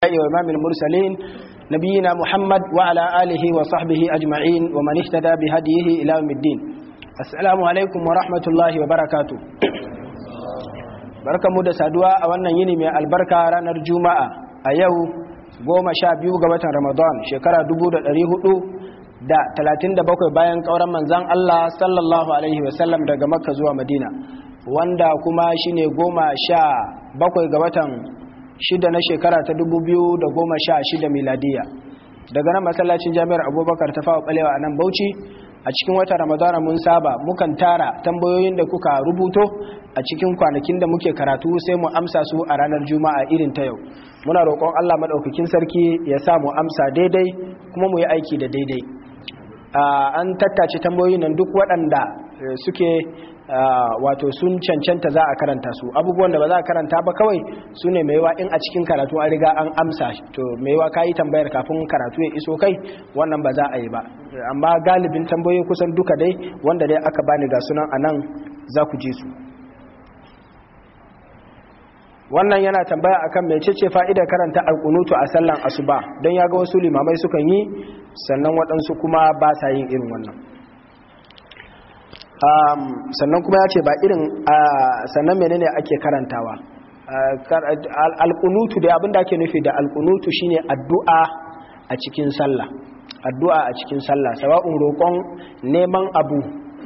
وإمام المرسلين نبينا محمد وعلى آله وصحبه أجمعين ومن اهتدى بهديه إلى يوم الدين السلام عليكم ورحمة الله وبركاته barka mu da saduwa a wannan yini mai albarka ranar juma'a a yau goma sha biyu ga watan ramadan shekara 437 bayan kauran manzan allah sallallahu alaihi wasallam daga makka zuwa madina wanda kuma shine goma sha bakwai ga watan shida na shekara ta dubu biyu da goma sha shida miladiya daga nan masallacin jami'ar abubakar ta fawa balewa a nan bauchi a cikin wata ramadana mun saba mukan tara tambayoyin da kuka rubuto a cikin kwanakin da muke karatu sai mu amsa su a ranar juma'a irin ta yau muna roƙon allah maɗaukakin sarki ya sa mu amsa daidai kuma mu yi aiki da daidai ah, an tattace tambayoyin nan duk waɗanda eh, suke wato sun cancanta za a karanta su abubuwan da ba za a karanta ba kawai su ne maiwa in a cikin karatu a riga an amsa to maiwa ka yi tambayar kafin karatu ya iso kai wannan ba za a yi ba amma galibin tambayoyi kusan duka dai wanda dai aka bani ga sunan a nan za ku ji su wannan yana tambaya akan mecece fa'idar karanta alkunutu a sallan asuba don ya ga wasu limamai sukan yi sannan waɗansu kuma ba sa yin irin wannan sannan kuma ya ce ba irin sannan menene ake karantawa alkunutu da abinda ake nufi da alkunutu shine addu'a a cikin sallah addu'a a cikin sallah sawa'un roƙon neman abu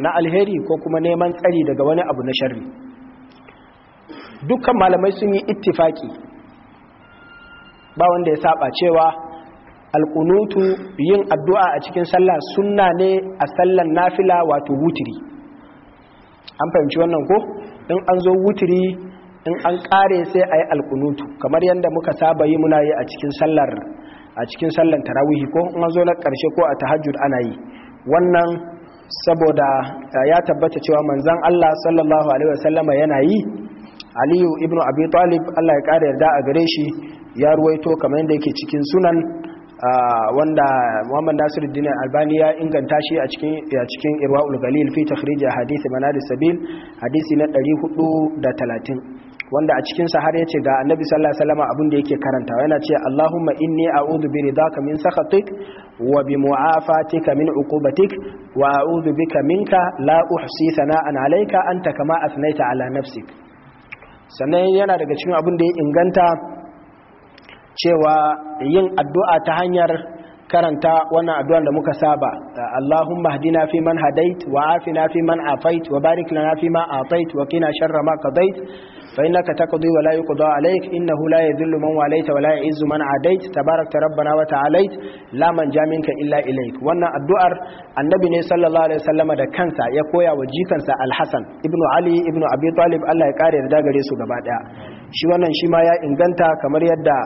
na alheri ko kuma neman tsari daga wani abu na sharri dukkan malamai sun yi ittifaki ba wanda ya saba cewa alkunutu yin addu'a a cikin sallah sunna ne a sallan nafila wato wutiri an fahimci wannan ko in an zo wutiri in an kare sai a yi alkunutu kamar yadda muka saba yi muna yi a cikin sallar a cikin sallar tarawihi ko in an zo na karshe ko a tahajjud ana yi wannan saboda eh, ya tabbata cewa manzon Allah sallallahu alaihi wasallama yana yi Aliyu ibn Abi Talib Allah ya kare yarda a gare shi ya ruwaito kamar yadda yake cikin sunan wanda Muhammad Nasiruddin Albani ya inganta shi a cikin a cikin Irwaul Galil fi takhrij hadith manad sabil hadisi na 430 wanda a cikin sa har yace ga Annabi sallallahu alaihi wasallam abin da yake karantawa yana ce Allahumma inni a'udhu bi ridaka min sakhatik wa bi mu'afatika min uqubatik wa a'udhu bika minka la uhsi sana'an alayka anta kama asnaita ala nafsik sannan yana daga cikin abin da ya inganta cewa yin addu'a ta hanyar karanta wannan addu'ar da muka saba Allahumma hadina fi man hadait wa afina fi man afait wa barik lana fi ma afait. wa qina sharra ma qadait fa innaka taqdi wa la yuqda alayk innahu la yadhillu man walayta wa la yu'izzu man adait tabarakta rabbana wa ta'alait la man jaminka illa ilayk wannan addu'ar annabi ne sallallahu alaihi wasallama da kansa ya koya wa jikansa al-Hasan ibn Ali ibn Abi Talib Allah ya kare da dagare su gaba daya shi wannan shi ma ya inganta kamar yadda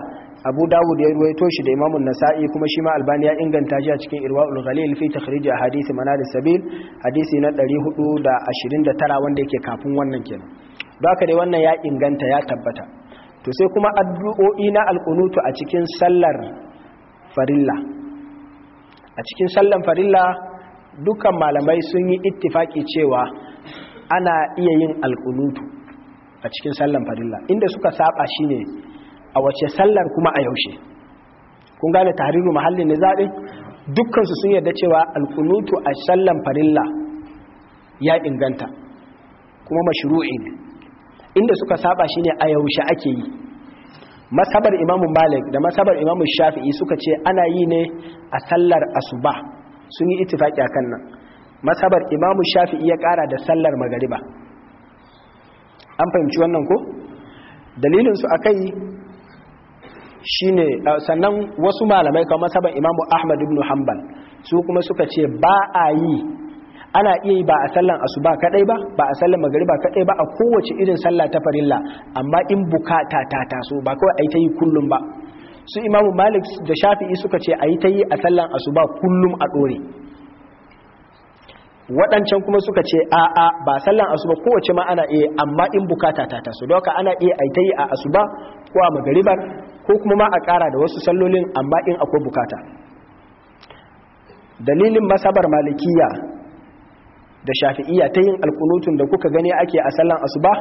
abu dawud ya ruwaito shi da imamun nasa'i kuma shi ma albani ya inganta shi a cikin irwaul ghalil fi takhrij hadisi manar sabil hadisi na 429 wanda yake kafin wannan kenan baka haka dai wannan ya inganta ya tabbata to sai kuma addu'o'i na alqunutu a cikin sallar farilla a cikin sallar farilla dukkan malamai sun yi ittifaki cewa ana iya yin alqunutu a cikin sallan farilla inda suka saba shine a wace sallar kuma a yaushe kun gane tahriru mahallin dukkan dukkansu sun yarda cewa alkunutu a sallan farilla ya inganta kuma mashru'i ne inda suka saba shine a yaushe ake yi masabar imamu malik da masabar imamu shafi'i suka ce ana yi ne a sallar asuba sun yi ittifaki akan nan masabar imamu shafi'i ya kara da sallar magariba an fahimci wannan ko dalilin dalilinsu akai shine uh, sannan wasu malamai kamar saban imamu ahmad ibn hanbal su kuma suka ce ba a yi ana iya yi ba a sallan asuba kadai ba ba a sallan magariba kadai ba a kowace irin sallah ta farilla amma in bukata ta taso ba kawai ai ta yi kullum ba su imamu malik da shafi'i suka ce ai ta yi a sallan asuba kullum a dore waɗancan kuma suka ce a a ba sallan asuba kowace ma ana iya amma in bukata ta taso don haka ana iya ai ta yi a asuba ko a magaribar ko kuma ma a ƙara da wasu sallolin amma in akwai bukata dalilin masabar malikiya da shafi'iya ta yin alkunutun da kuka gani ake a sallan asuba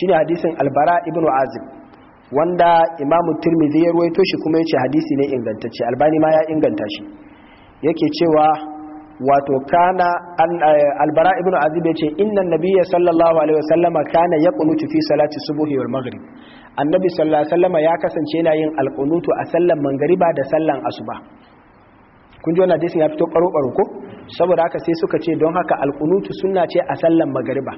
shine hadisin albara ibn azib wanda imamu tirmidhi ya ruwaito shi kuma yace hadisi ne ingantacce albani ma ya inganta shi yake cewa wato kana albara ibnu azib yace inna nabiyya sallallahu alaihi wasallama kana yaqunutu fi salati subuhi wal maghrib annabi sallallahu alaihi ya kasance yana yin alqunutu a sallan mangariba da sallan asuba kun ji wannan hadisin ya fito karo karo ko saboda haka sai suka ce don haka alqunutu sunna ce a sallan magariba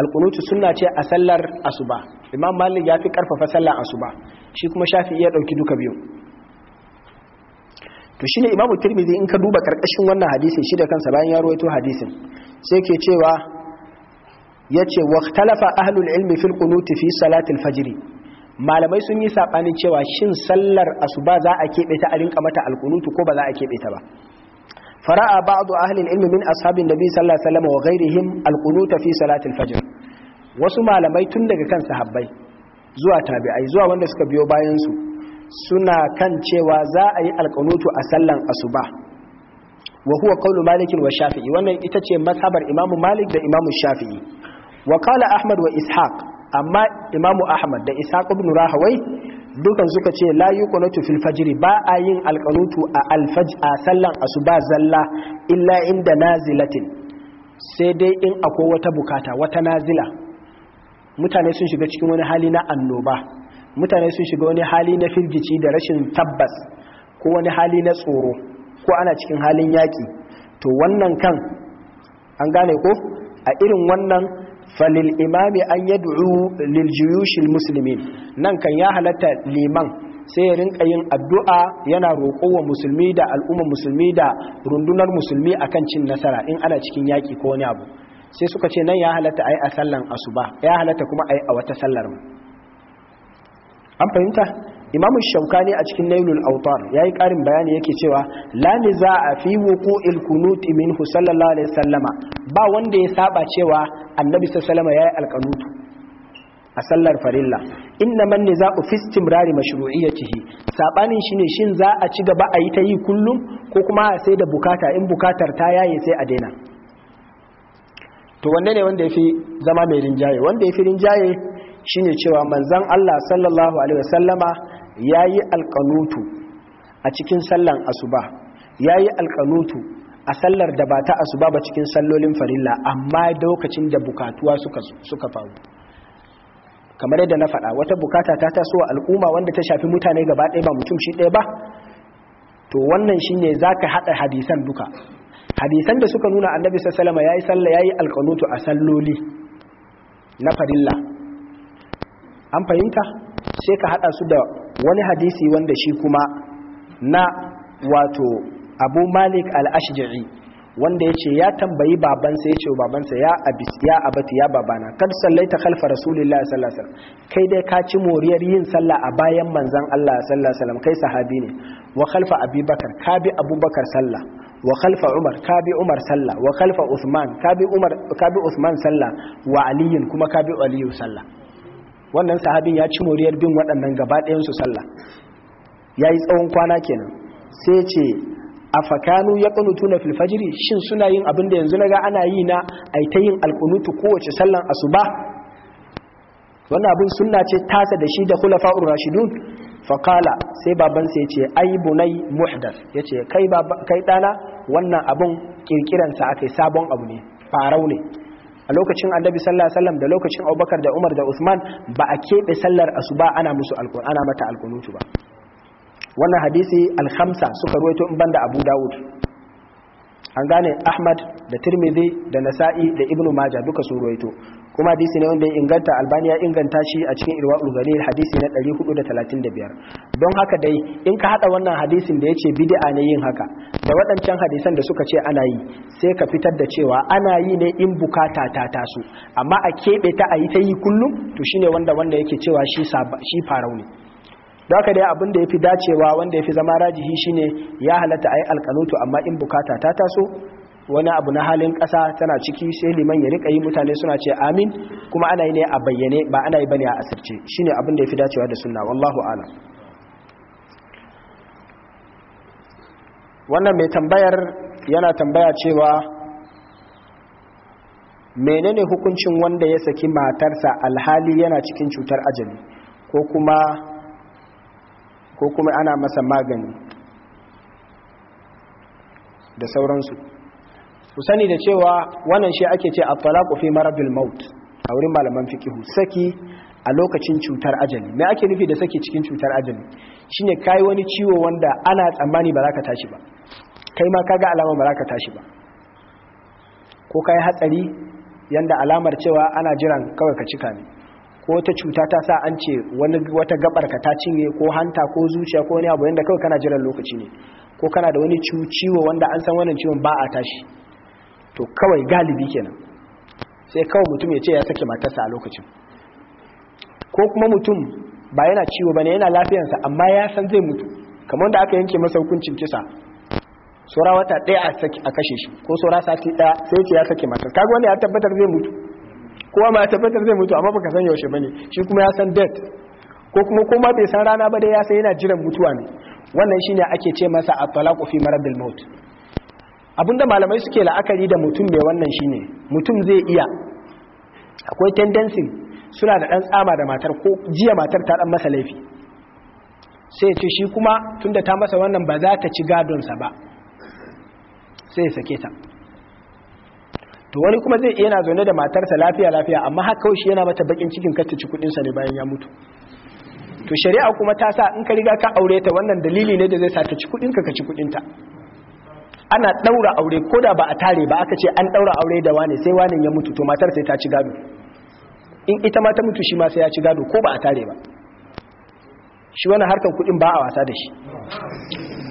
alqunutu sunna ce a sallar asuba imam malik ya fi karfafa sallar asuba shi kuma shafi ya dauki duka biyu to shine imamu tirmidhi in ka duba karkashin wannan hadisin shi da kansa bayan ya ruwaito hadisin sai ke cewa yace waqtalafa ahlul ilmi fil qunuti fi malamai sun yi sabanin cewa shin sallar asuba za a kebe ta a rinka mata alkunutu ko ba za a kebe ta ba fara'a ba'du ahlil ilmi min ashabin nabi sallallahu alaihi wasallam wa ghairihim alqunuta fi salatil fajr wasu malamai tun daga kan sahabbai zuwa tabi'ai zuwa wanda suka biyo bayan su suna kan cewa za a yi alkunutu a sallan asuba wa huwa malikin malik wa shafi'i wannan ita ce mas'abar imamu malik da imamu shafi'i wa ahmad wa ishaq amma imamu ahmad da ishaq ibn rahawai dukan suka ce la na fil fajr ba a yin alqanutu a alfajr a sallan asuba zalla illa inda nazilatin sai dai in akwai wata bukata wata nazila mutane sun shiga cikin wani hali na annoba mutane sun shiga wani hali na firgici da rashin tabbas ko wani hali na tsoro ko ana cikin halin yaki to wannan kan an gane ko a irin wannan falil imami an du'u lil juyushil musulmi nan kan ya halatta liman sai ya rinka yin addu'a yana roƙo wa musulmi da al'umma musulmi da rundunar musulmi akan cin nasara in ana cikin yaƙi ko wani abu sai suka ce nan ya halatta ai a sallan asuba ya halatta kuma ai a wata sallar mu an fahimta imamu shaukani a cikin nailul autar ya yi ƙarin bayani yake cewa lani za a fi wuku ilkunut minhu sallallahu alaihi sallama ba wanda ya saba cewa annabi sallama ya yi alkanutu a sallar farilla inna man ne za a fi stimrari mashru'iyyatihi sabanin ne shin za a ci gaba a yi ta yi kullum ko kuma a sai da bukata in bukatar ta yaye sai a daina to wanne ne wanda ya fi zama mai rinjaye wanda ya fi rinjaye shine cewa manzon Allah sallallahu alaihi wasallama ya yi alƙanutu a cikin sallan asuba ya yi alƙanutu a sallar da ba ta asuba ba cikin sallolin farilla amma lokacin da bukatuwa suka faru kamar yadda na faɗa wata bukata ta taso wa al'umma wanda ta shafi mutane gaba ɗaya ba mutum shi ɗaya ba to wannan shi ne za ka haɗa hadisan duka hadisan da suka nuna annabi ya yi salla ya yi alkanutu a salloli na farilla an fahimta sai ka haɗa su da wani hadisi wanda shi kuma na wato abu malik al-ashja'i wanda yace ya tambayi babansa yace wa babansa ya abis ya abati ya babana kad sallaita khalfa rasulillahi sallallahu alaihi wasallam kai dai ka ci moriyar yin sallah a bayan manzon Allah sallallahu alaihi wasallam kai sahabi ne wa khalfa abubakar ka bi abubakar sallah wa khalfa umar ka bi umar sallah wa khalfa usman ka bi umar ka bi usman sallah wa aliyin kuma ka bi aliyu sallah wannan sahabin ya ci moriyar bin waɗannan gaba su sallah ya yi tsawon kwana kenan sai ce a fakanu ya ƙunutu na filfajiri shin suna yin abin da yanzu naga ana yi na aita yin alƙunutu kowace sallan asuba Wani abin suna ce tasa da shi da kula fa'ur rashidun fakala sai baban sai ce ai bunai muhdar. Ya ce kai ɗana wannan abin ƙirƙiransa sa akai sabon abu ne farau ne a lokacin annabi sallallahu alaihi wasallam da lokacin abubakar da umar da usman ba a keɓe sallar asuba ana musu ana mata alkunutu ba wannan hadisi alhamsa suka ruwaito in banda abu dawud an gane ahmad da tirmidhi da nasa'i da ibnu maja duka su ruwaito kuma hadisi ne wanda ya inganta albani ya inganta shi a cikin irwa ulgani hadisi na 435 don haka dai in ka hada wannan hadisin da ya ce bid'a ne yin haka da waɗancan hadisan da suka ce ana yi sai ka fitar da cewa ana yi ne in bukata ta taso amma a keɓe ta a yi ta yi kullum to shine wanda wanda yake cewa shi shi farau ne da haka dai abin da ya fi dacewa wanda ya fi zama rajihi shine ya halatta a yi alkanutu amma in bukata ta taso wani abu na halin ƙasa tana ciki sai liman ya rika yi mutane suna ce amin kuma ana yi ne a bayyane ba ana yi bane a asirce shine abin da ya fi dacewa da sunna wallahu a'lam wannan mai tambayar yana tambaya cewa menene hukuncin wanda ya saki matarsa alhali yana cikin cutar ajali ko kuma ko kuma ana masa magani da sauransu ku sani da cewa wannan shi ake ce at-talaqu fi maradil maut a wurin malaman fiqh saki a lokacin cutar ajali me ake nufi da saki cikin cutar ajali shine kai wani ciwo wanda ana tsammani ba za ka tashi ba kai ma kaga alama ba za ka tashi ba ko kai hatsari yanda alamar cewa ana jiran kawai ka cika ne ko ta cuta ta sa an ce wani wata gabar ka ta cinye ko hanta ko zuciya ko wani abu yanda kawai kana jiran lokaci ne ko kana da wani ciwo wanda an san wannan ciwon ba a tashi to kawai galibi kenan sai kawai mutum ya ce ya sake matarsa a lokacin ko kuma mutum ba yana ciwo bane yana lafiyansa amma ya san zai mutu kamar da aka yanke masa hukuncin kisa saura wata ɗaya a kashe shi ko saura sati ɗaya sai ce ya sake matarsa kaga wani ya tabbatar zai mutu kowa ma ya tabbatar zai mutu amma baka san yaushe bane shi kuma ya san death ko kuma ko ma bai san rana ba dai ya san yana jiran mutuwa ne wannan shine ake ce masa at-talaqu fi maradil maut abinda malamai suke la'akari da mutum mai wannan shine mutum zai iya akwai tendensin suna da ɗan tsama da matar ko jiya matar ta ɗan masa laifi sai ce shi kuma tunda ta masa wannan ba za ta ci gadonsa ba sai sake ta to wani kuma zai yana zaune da matarsa lafiya lafiya amma har kawai shi yana mata bakin cikin ta ci kudinsa ne bayan ya mutu to shari'a kuma ta sa in ka riga ka aure ta wannan dalili ne da zai sa ta ci kudinka ka ci kudinta ana ɗaura aure ko da ba a tare ba aka ce an ɗaura aure da wane sai wane ya mutu to matar sai ta ci gado in ita ma ta mutu shi ma sai ya ci gado ko ba a tare ba shi wani harkar kudin ba a wasa da shi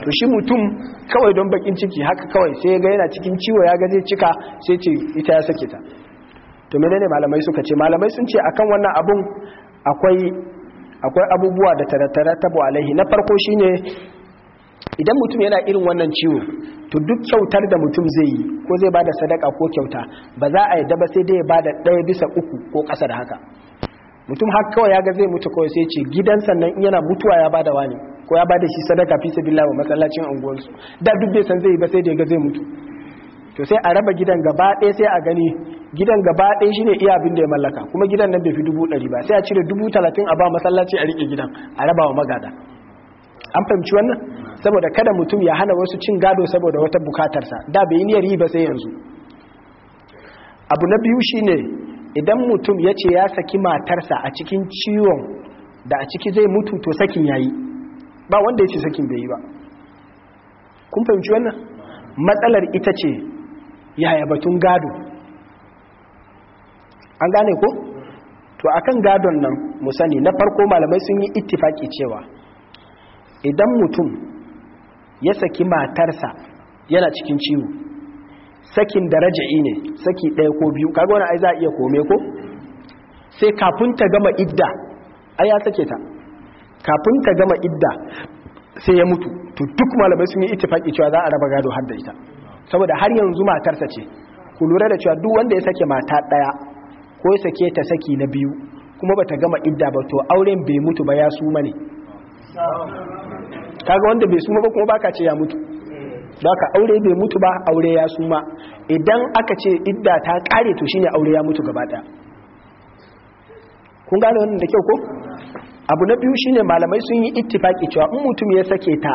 to shi mutum kawai don bakin ciki haka kawai sai ga yana cikin ciwo ya ga zai cika sai ce ita ya sake ta to menene malamai suka ce malamai sun ce akan wannan abun akwai abubuwa da tarattara tabo alaihi na farko shine idan mutum yana irin wannan ciwo to duk kyautar da mutum zai yi ko zai bada sadaka ko kyauta ba za a yadda ba sai dai ya bada ɗaya bisa uku ko ƙasa da haka mutum har kawai ya ga zai mutu kawai sai ce gidan sannan yana mutuwa ya bada wani ko ya bada shi sadaka fi sabi lawa masallacin unguwarsu da duk bai san zai yi ba sai da ga zai mutu to sai a raba gidan gaba ɗaya sai a gani gidan gaba ɗaya shine iya abin da ya mallaka kuma gidan nan bai fi dubu ɗari ba sai a cire dubu talatin a ba masallaci a riƙe gidan a raba wa magada an fahimci wannan saboda kada mutum ya hana wasu cin gado saboda wata bukatarsa da bai niyar yi ba sai yanzu abu na biyu shine idan mutum ya ce ya saki matarsa a cikin ciwon da a ciki zai mutu to sakin yayi ba wanda ya ce sakin bai yi ba kun fahimci wannan matsalar ita ce yaya batun gado an gane ko to akan gadon nan mu sani na farko malamai sun yi ittifaki cewa idan mutum ya saki matarsa yana cikin ciwo sakin da raja'i ne saki ɗaya ko biyu kaga wani ai za a iya kome ko sai kafin ta gama idda ai ya sake ta kafin ta gama idda sai ya mutu to duk malamai sun yi ittifaki cewa za a raba gado har da ita saboda har yanzu matarsa ce ku lura da cewa duk wanda ya sake mata ɗaya ko ya sake ta saki na biyu kuma bata gama idda ba to auren bai mutu ba ya suma ne kaga wanda bai suma ba kuma baka ce ya mutu baka hmm. aure bai mutu ba aure ya suma idan aka ce idda ta kare to shine aure ya mutu gaba kun gane wannan da kyau ko abu na biyu shine malamai sun yi ittifaki cewa in mutum ya sake ta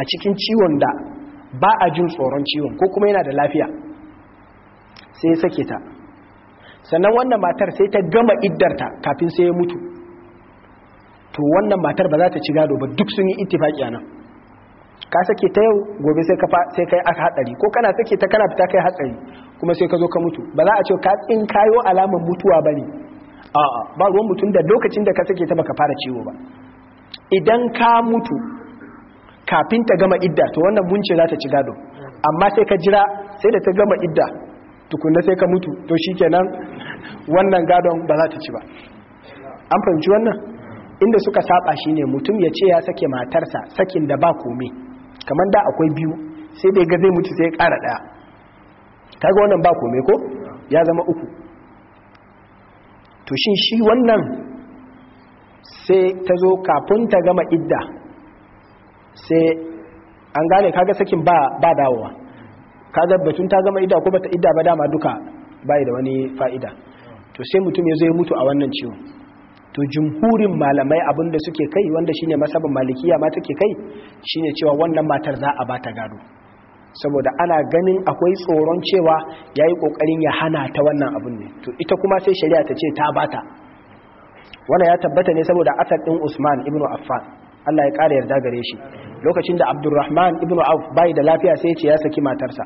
a cikin ciwon da ba a jin tsoron ciwon ko kuma yana da lafiya sai ya sake ta sannan wannan matar sai ta gama iddarta kafin sai ya mutu to wannan matar ba za ta ci gado ba duk sun yi ittifaki anan ka sake ta yau gobe sai ka sai kai aka hadari ko kana sake ta kana fita kai hatsari kuma sai ka zo ka mutu ba za a ce ka in kayo alamar mutuwa bane a'a ba ruwan mutum da lokacin da ka sake ta baka fara ciwo ba idan ka mutu kafin ta gama idda to wannan bunce za ta ci gado amma sai ka jira sai da ta gama idda tukunna sai ka mutu to shikenan wannan gadon ba za ta ci ba an fahimci wannan inda suka saba shine mutum ya ce ya sake matarsa sakin da ba kome kamar da akwai biyu sai bai ga zai mutu sai ya ƙara ɗaya kaga wannan ba kome ko ya zama uku to shin shi wannan sai ta zo kafin ta gama idda sai an gane kaga sakin ba ba dawowa kaga batun ta gama idda ko bata idda ba dama duka bai da wani fa'ida to sai mutum ya zo ya mutu a wannan ciwon to jumhurin malamai abin da suke kai wanda shine masabin malikiya ma take kai shine cewa wannan matar za a bata gado saboda ana ganin akwai tsoron cewa yayi kokarin ya hana ta wannan abun ne to ita kuma sai shari'a ta ce ta bata wannan ya tabbata ne saboda asar din Usman Ibnu Affan Allah ya kare yarda gare shi lokacin da Abdurrahman Ibnu Auf bai da lafiya sai ya ce ya saki matarsa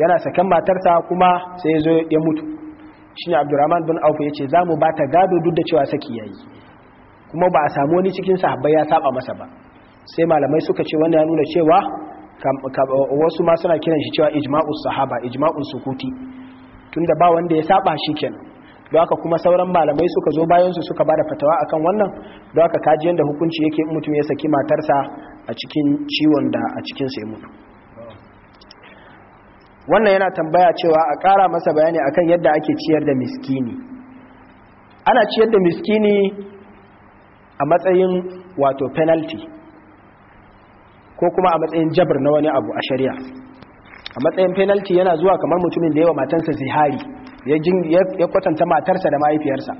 yana saken matarsa kuma sai ya zo ya mutu Shin abdurrahman bin auf ce za mu ba ta gado duk da cewa saki ya yi, kuma ba a samu wani cikin sahabbai ya saba masa ba sai malamai suka ce wanda ya nuna cewa wasu ma suna kiran shi cewa ijma'us sahaba ijma'un sukuti tunda ba wanda ya saba shi kenan don haka kuma sauran malamai suka zo bayan su suka da fatawa akan wannan don haka kaji yanda hukunci yake mutum ya saki matarsa a cikin ciwon da a cikin sai mutu wannan yana tambaya cewa a ƙara masa bayani akan yadda ake ciyar da miskini ana ciyar da miskini a matsayin wato penalty ko kuma a matsayin jabir na wani abu a shari'a a matsayin penalty yana zuwa kamar mutumin da yawa matansa zihari ya kwatanta matarsa da mahaifiyarsa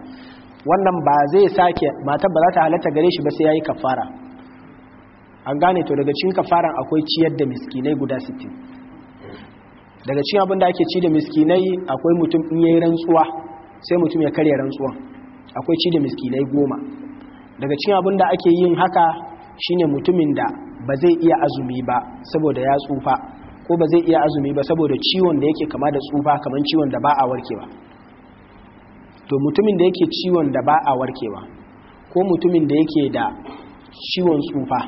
wannan ba zai sake matar ba za ta halatta gare shi ba sai ya yi kafara an gane to daga cikin kafaran akwai ciyar da miskinai guda sittin. daga cikin abin da ake ci da miskinai akwai mutum in yayi rantsuwa sai mutum ya karya rantsuwan akwai ci da miskinai goma daga cikin abin da ake yin haka shine mutumin da ba zai iya azumi ba saboda ya tsufa ko ba zai iya azumi ba saboda ciwon da yake kama da tsufa kaman ciwon da ba a warkewa to mutumin da yake ciwon da ba a warkewa ko mutumin da yake da ciwon tsufa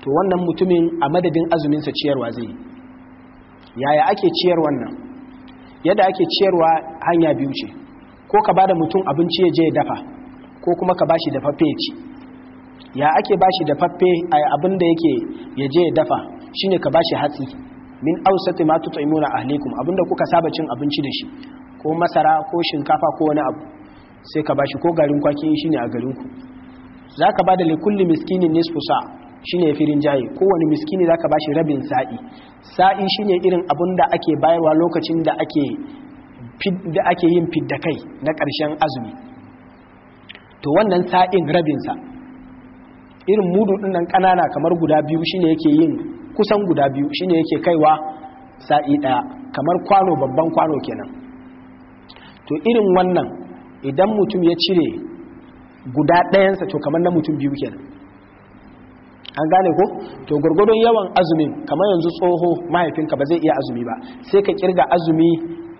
to wannan mutumin a madadin azuminsa ciyarwa zai yi yaya ake ciyar wannan yadda ake ciyarwa hanya biyu ce ko ka ba da mutum abinci ya je ya dafa ko kuma ka bashi dafaffe ya ci ya ake bashi dafaffe a abin da yake ya je ya dafa shine ka ba shi hatsi min ausati ma tut'imuna ahlikum abinda kuka saba cin abinci da shi ko masara ko shinkafa ko wani abu sai ka ba shi ko garin kwaki ne a garinku. za ka zaka bada likulli miskinin nisfu sa shine yafi rinjaye kowane miskini zaka bashi rabin sa'i sa'i shine irin abun da ake bayarwa lokacin da ake da ake yin fidda kai na ƙarshen azumi to wannan sa'in rabinsa irin mudu din nan ƙanana kamar guda biyu shine yake yin kusan guda biyu shine yake kaiwa sa'i ɗaya kamar kwano babban kwano kenan to irin wannan idan mutum ya cire guda ɗayansa to kamar na mutum biyu kenan an gane ko to gurgurdun yawan azumin kamar yanzu tsoho mahaifinka ba zai iya azumi ba sai ka kirga azumi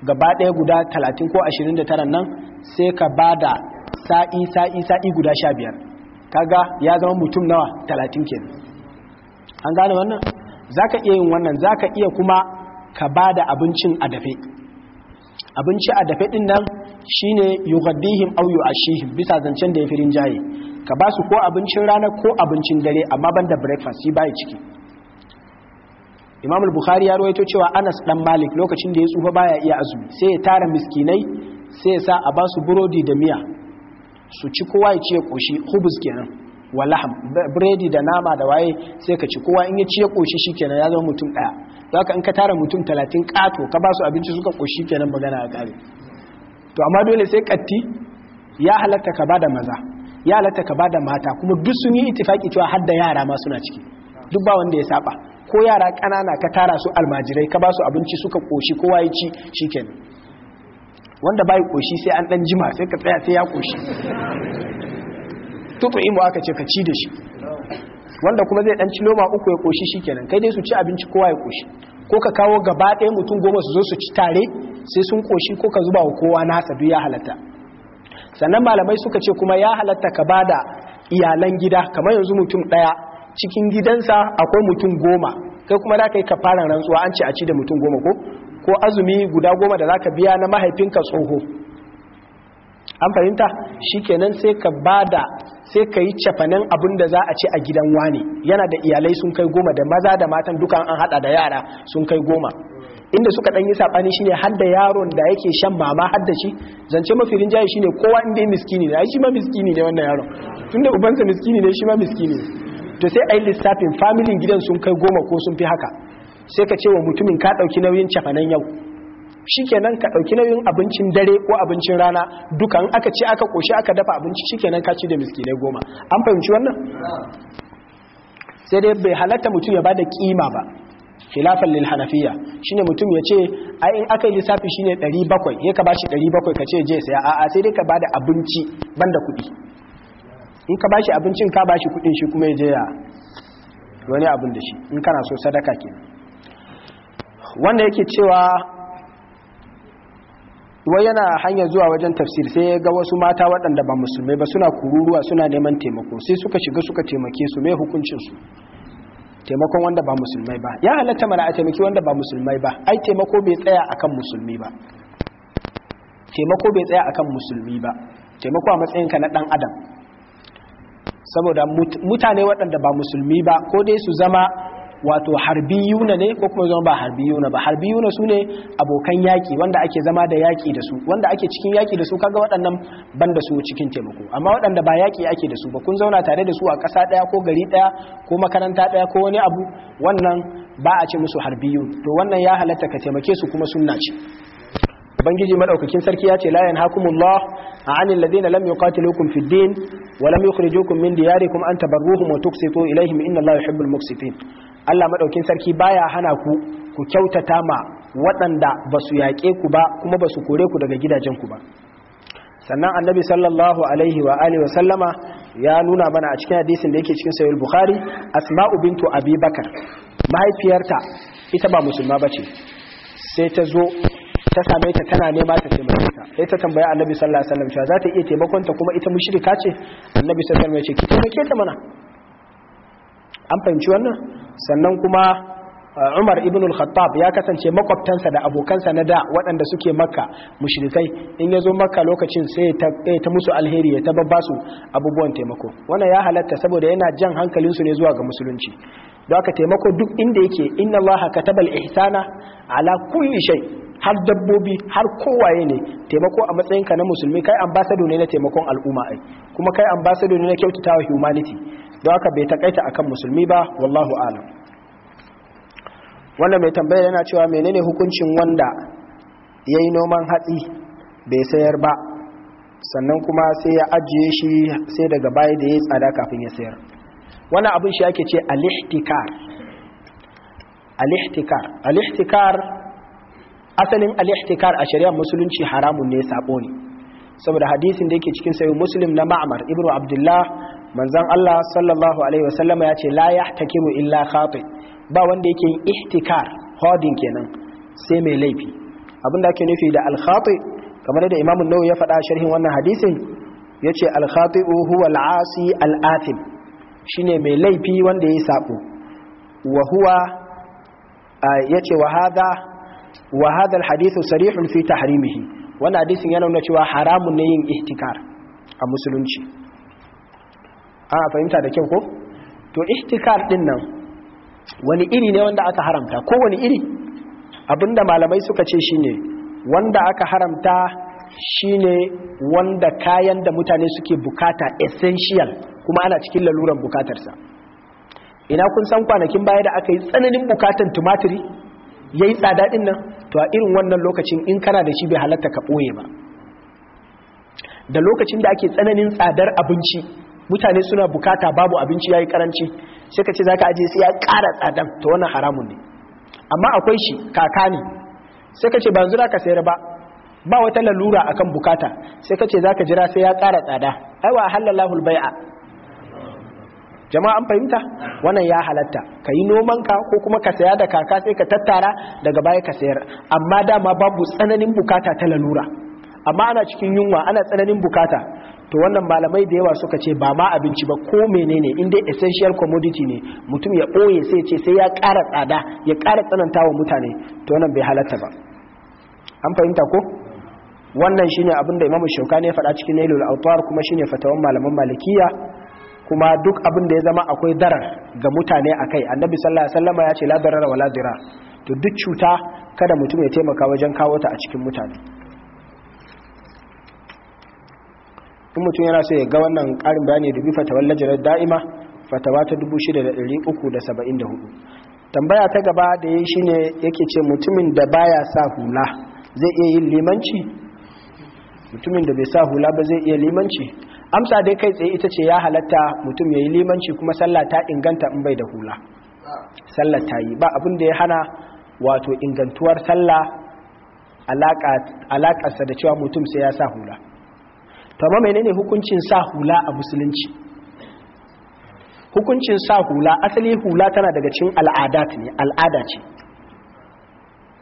gaba ɗaya guda 30 ko 29 nan sai ka ba da sa'i sa'i sa'i guda 15 kaga ya zama mutum nawa 30 kenan an gane wannan zaka iya yin wannan zaka iya kuma ka ba da abincin a dafe abinci a dafe din nan shine yughaddihim a yu'ashihim bisa zancen da ya firin jaye ka ba su ko abincin rana ko abincin dare amma ban da breakfast shi baya ciki imamul bukhari ya rawaito cewa anas dan malik lokacin da ya tsufa baya iya azumi sai ya tara miskinai sai ya sa a ba su burodi da miya su ci kowa ya ci ya koshi hubus kenan walaham biredi da nama da waye sai ka ci kowa in ya ci ya koshi shikenan ya zama mutum daya zaka in ka tara mutum talatin kato ka ba su abinci suka koshi kenan magana a kare to amma dole sai katti ya halatta ka ba da maza ya halatta ka bada mata kuma duk sun yi itifaki cewa har da yara ma suna ciki duk ba wanda ya saba ko yara kanana ka tara su almajirai ka ba su abinci suka koshi kowa ya ci shiken. wanda bai koshi sai an dan jima sai ka tsaya sai ya koshi tutu imu aka ce ka ci da shi wanda kuma zai dan ci loma uku ya koshi shikenan kai dai su ci abinci kowa ya koshi ko ka kawo gaba ɗaya mutum goma su zo su ci tare sai sun koshi ko ka zuba wa kowa nasa duk ya halatta sannan malamai suka ce kuma ya halatta ka bada iyalan gida kamar yanzu mutum ɗaya cikin gidansa akwai mutum goma kai kuma za ka yi kafaran rantsuwa an ce a ci da mutum goma ko ko azumi guda goma da za ka biya na mahaifinka tsoho an fahimta shi kenan sai ka bada sai ka yi cafanin abin da za a ce a gidan wani yana da iyalai sun kai goma da maza da matan dukan an hada da yara sun kai goma inda suka dan yi sabani shine har da yaron da yake shan mama har da shi zance mafi rinjaye shine kowa inda ya miskini ne ai shi ma miskini ne wannan yaron tunda ubansa miskini ne shi ma miskini ne to sai ai lissafin familin gidan sun kai goma ko sun fi haka sai ka ce wa mutumin ka dauki nauyin cafanan yau shikenan ka dauki nauyin abincin dare ko abincin rana dukan aka ci aka koshi aka dafa abinci shikenan ka ci da miskinai goma an fahimci wannan sai dai bai halatta mutum ya bada kima ba khilafan lil hanafiya shine mutum ya ce ai in aka yi lissafi shine 700 ya ka bashi 700 ka ce je sai a'a sai dai ka bada abinci banda kuɗi in ka bashi abincin ka bashi kuɗin shi kuma ya je ya wani abin da shi in kana so sadaka ke. wanda yake cewa wai yana hanya zuwa wajen tafsir sai ya ga wasu mata waɗanda ba musulmai ba suna kururuwa suna neman taimako sai suka shiga suka taimake su mai hukuncin su taimakon wanda ba musulmai ba ya halatta mana a taimaki wanda ba musulmai ba ai taimako bai tsaya akan musulmi ba taimako bai tsaya akan musulmi ba taimako a matsayinka na dan adam saboda mutane waɗanda ba musulmi ba ko dai su zama wato harbiyuna ne ko kuma zama ba harbiyuna ba harbiyuna su ne abokan yaƙi wanda ake zama da yaƙi da su wanda ake cikin yaƙi da su kaga waɗannan ban da su cikin taimako amma waɗanda ba yaƙi ake da su ba kun zauna tare da su a ƙasa ɗaya ko gari ɗaya ko makaranta ɗaya ko wani abu wannan ba a ce musu harbiyun to wannan ya halatta ka taimake su kuma sunna ce ubangiji madaukakin sarki ya ce la yanhakumullah anil ladina lam yuqatilukum fid din wa lam yukhrijukum min diyarikum an tabarruhum wa tuqsitu ilayhim inna allaha yuhibbul Allah madaukin sarki baya hana ku ku kyautata ma waɗanda ba su yaƙe ku ba kuma ba su kore ku daga gidajen ku ba sannan annabi sallallahu alaihi wa alihi wa sallama ya nuna mana a cikin hadisin da yake cikin sahih bukhari asma'u bintu abi bakar mahaifiyarta ita ba musulma bace sai ta zo ta same ta tana nema ta taimaka ta sai ta tambaya annabi sallallahu alaihi sallam cewa za ta iya taimakon ta kuma ita mushrika ce annabi sallallahu alaihi wa sallam ya ce ki taimake ta mana an fahimci wannan sannan kuma uh, Umar ibn al-Khattab ya kasance makwabtansa da abokansa na da waɗanda suke makka mushirikai. in ya zo makka lokacin sai ta musu alheri ya ba su abubuwan taimako wannan ya halatta saboda yana jan hankalinsu ne zuwa ga musulunci Da haka taimako duk inda yake inna Allah kataba al-ihsana ala kulli shay har dabbobi har kowaye ne taimako a matsayinka na musulmi kai ambassador ne na taimakon al'umma ai kuma kai ambassador ne na kyautatawa humanity don haka bai takaita akan musulmi ba wallahu alam wanda mai tambaya yana cewa menene hukuncin wanda ya yi noman hatsi bai sayar ba sannan kuma sai ya ajiye shi sai daga baya da ya tsada kafin ya sayar wani abin shi ake ce alihtikar alihtikar alihtikar asalin alihtikar a shari'ar musulunci haramun ne sabo ne saboda hadisin da yake cikin sayi muslim na ma'amar ibnu abdullah manzon Allah sallallahu alaihi wasallam ya ce la yahtakimu illa khati ba wanda yake yin ihtikar hodin kenan sai mai laifi abinda ake nufi da al kamar da Imam nau ya faɗa sharhin wannan hadisin yace al khati huwa al asi shine mai laifi wanda yayi sako wa huwa yace wa wa hadha al sarihun fi tahrimihi wannan hadisin yana nuna cewa haramun ne yin ihtikar a musulunci a fahimta da kyau ko to ishtikar din nan wani iri ne wanda aka haramta ko wani iri abinda malamai suka ce shine wanda aka haramta shine wanda kayan da mutane suke bukata essential kuma ana cikin laluran bukatarsa ina kun san kwanakin baya da aka yi tsananin bukatan tumatiri ya yi tsada ɗinnan? nan to a irin wannan lokacin in kana da shi bai halarta ka ɓoye ba da lokacin da ake tsananin tsadar abinci mutane suna bukata babu abinci yayi karanci sai ka ce zaka aje sai ya ƙara tsadan to wannan haramun ne amma akwai shi kaka ne sai ka ce ba yanzu ka sayar ba ba wata lalura akan bukata sai ka ce zaka jira sai ya ƙara tsada aiwa halallahu bai'a jama'a an fahimta wannan ya halatta ka yi nomanka ko kuma ka saya da kaka sai ka tattara daga baya ka sayar amma dama babu tsananin bukata ta lalura amma ana cikin yunwa ana tsananin bukata to wannan malamai da yawa suka ce ba ma abinci ba ko menene inda essential commodity ne mutum ya ɓoye sai ce sai ya ƙara tsada ya ƙara tsananta wa mutane to wannan bai halatta ba an fahimta ko wannan shine abin da imamu shauka ne faɗa cikin nailul autar kuma shine fatawan malaman malikiya kuma duk abin da ya zama akwai darar ga mutane akai annabi sallallahu alaihi wasallama ya ce la darara wala dira to duk cuta kada mutum ya taimaka wajen kawo ta a cikin mutane in mutum yana so ya ga wannan karin bayani da bi fatawar da da'ima fatawa ta 6374 tambaya ta gaba da ya shi yake ce mutumin da baya sa hula zai iya yin limanci mutumin da bai sa hula ba zai iya limanci amsa dai kai tsaye ita ce ya halatta mutum ya yi limanci kuma sallah ta inganta in bai da hula sallah ta yi ba abin da ya hana wato ingantuwar sallah alaƙarsa da cewa mutum sai ya sa hula ma menene hukuncin sa hula a musulunci hukuncin sa hula asali hula tana daga cikin al'adat ne al'ada ce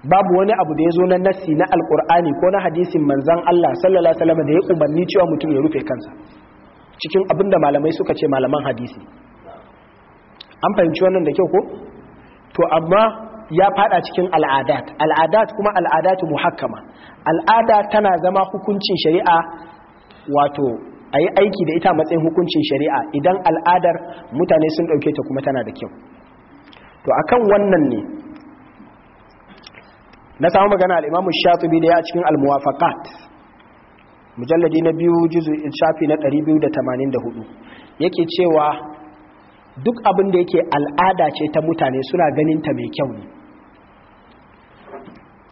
babu wani abu da ya zo na nassi na alkur'ani ko na hadisin manzan Allah sallallahu alaihi wasallam da ya umarni cewa mutum ya rufe kansa cikin abin da malamai suka ce malaman hadisi an fahimci wannan da kyau ko to amma ya fada cikin al'adat al'adat kuma al'adatu muhakkama al'ada tana zama hukuncin shari'a wato a yi aiki da ita matsayin hukuncin shari'a idan al'adar mutane sun ɗauke ta kuma tana da kyau to a kan wannan ne na samu magana al'imamu shatubi da ya cikin al-muwafaqat mujalladi na biyu juzu shafi na 284 yake cewa duk abin da yake al'ada ce ta mutane suna ganin ta mai kyau ne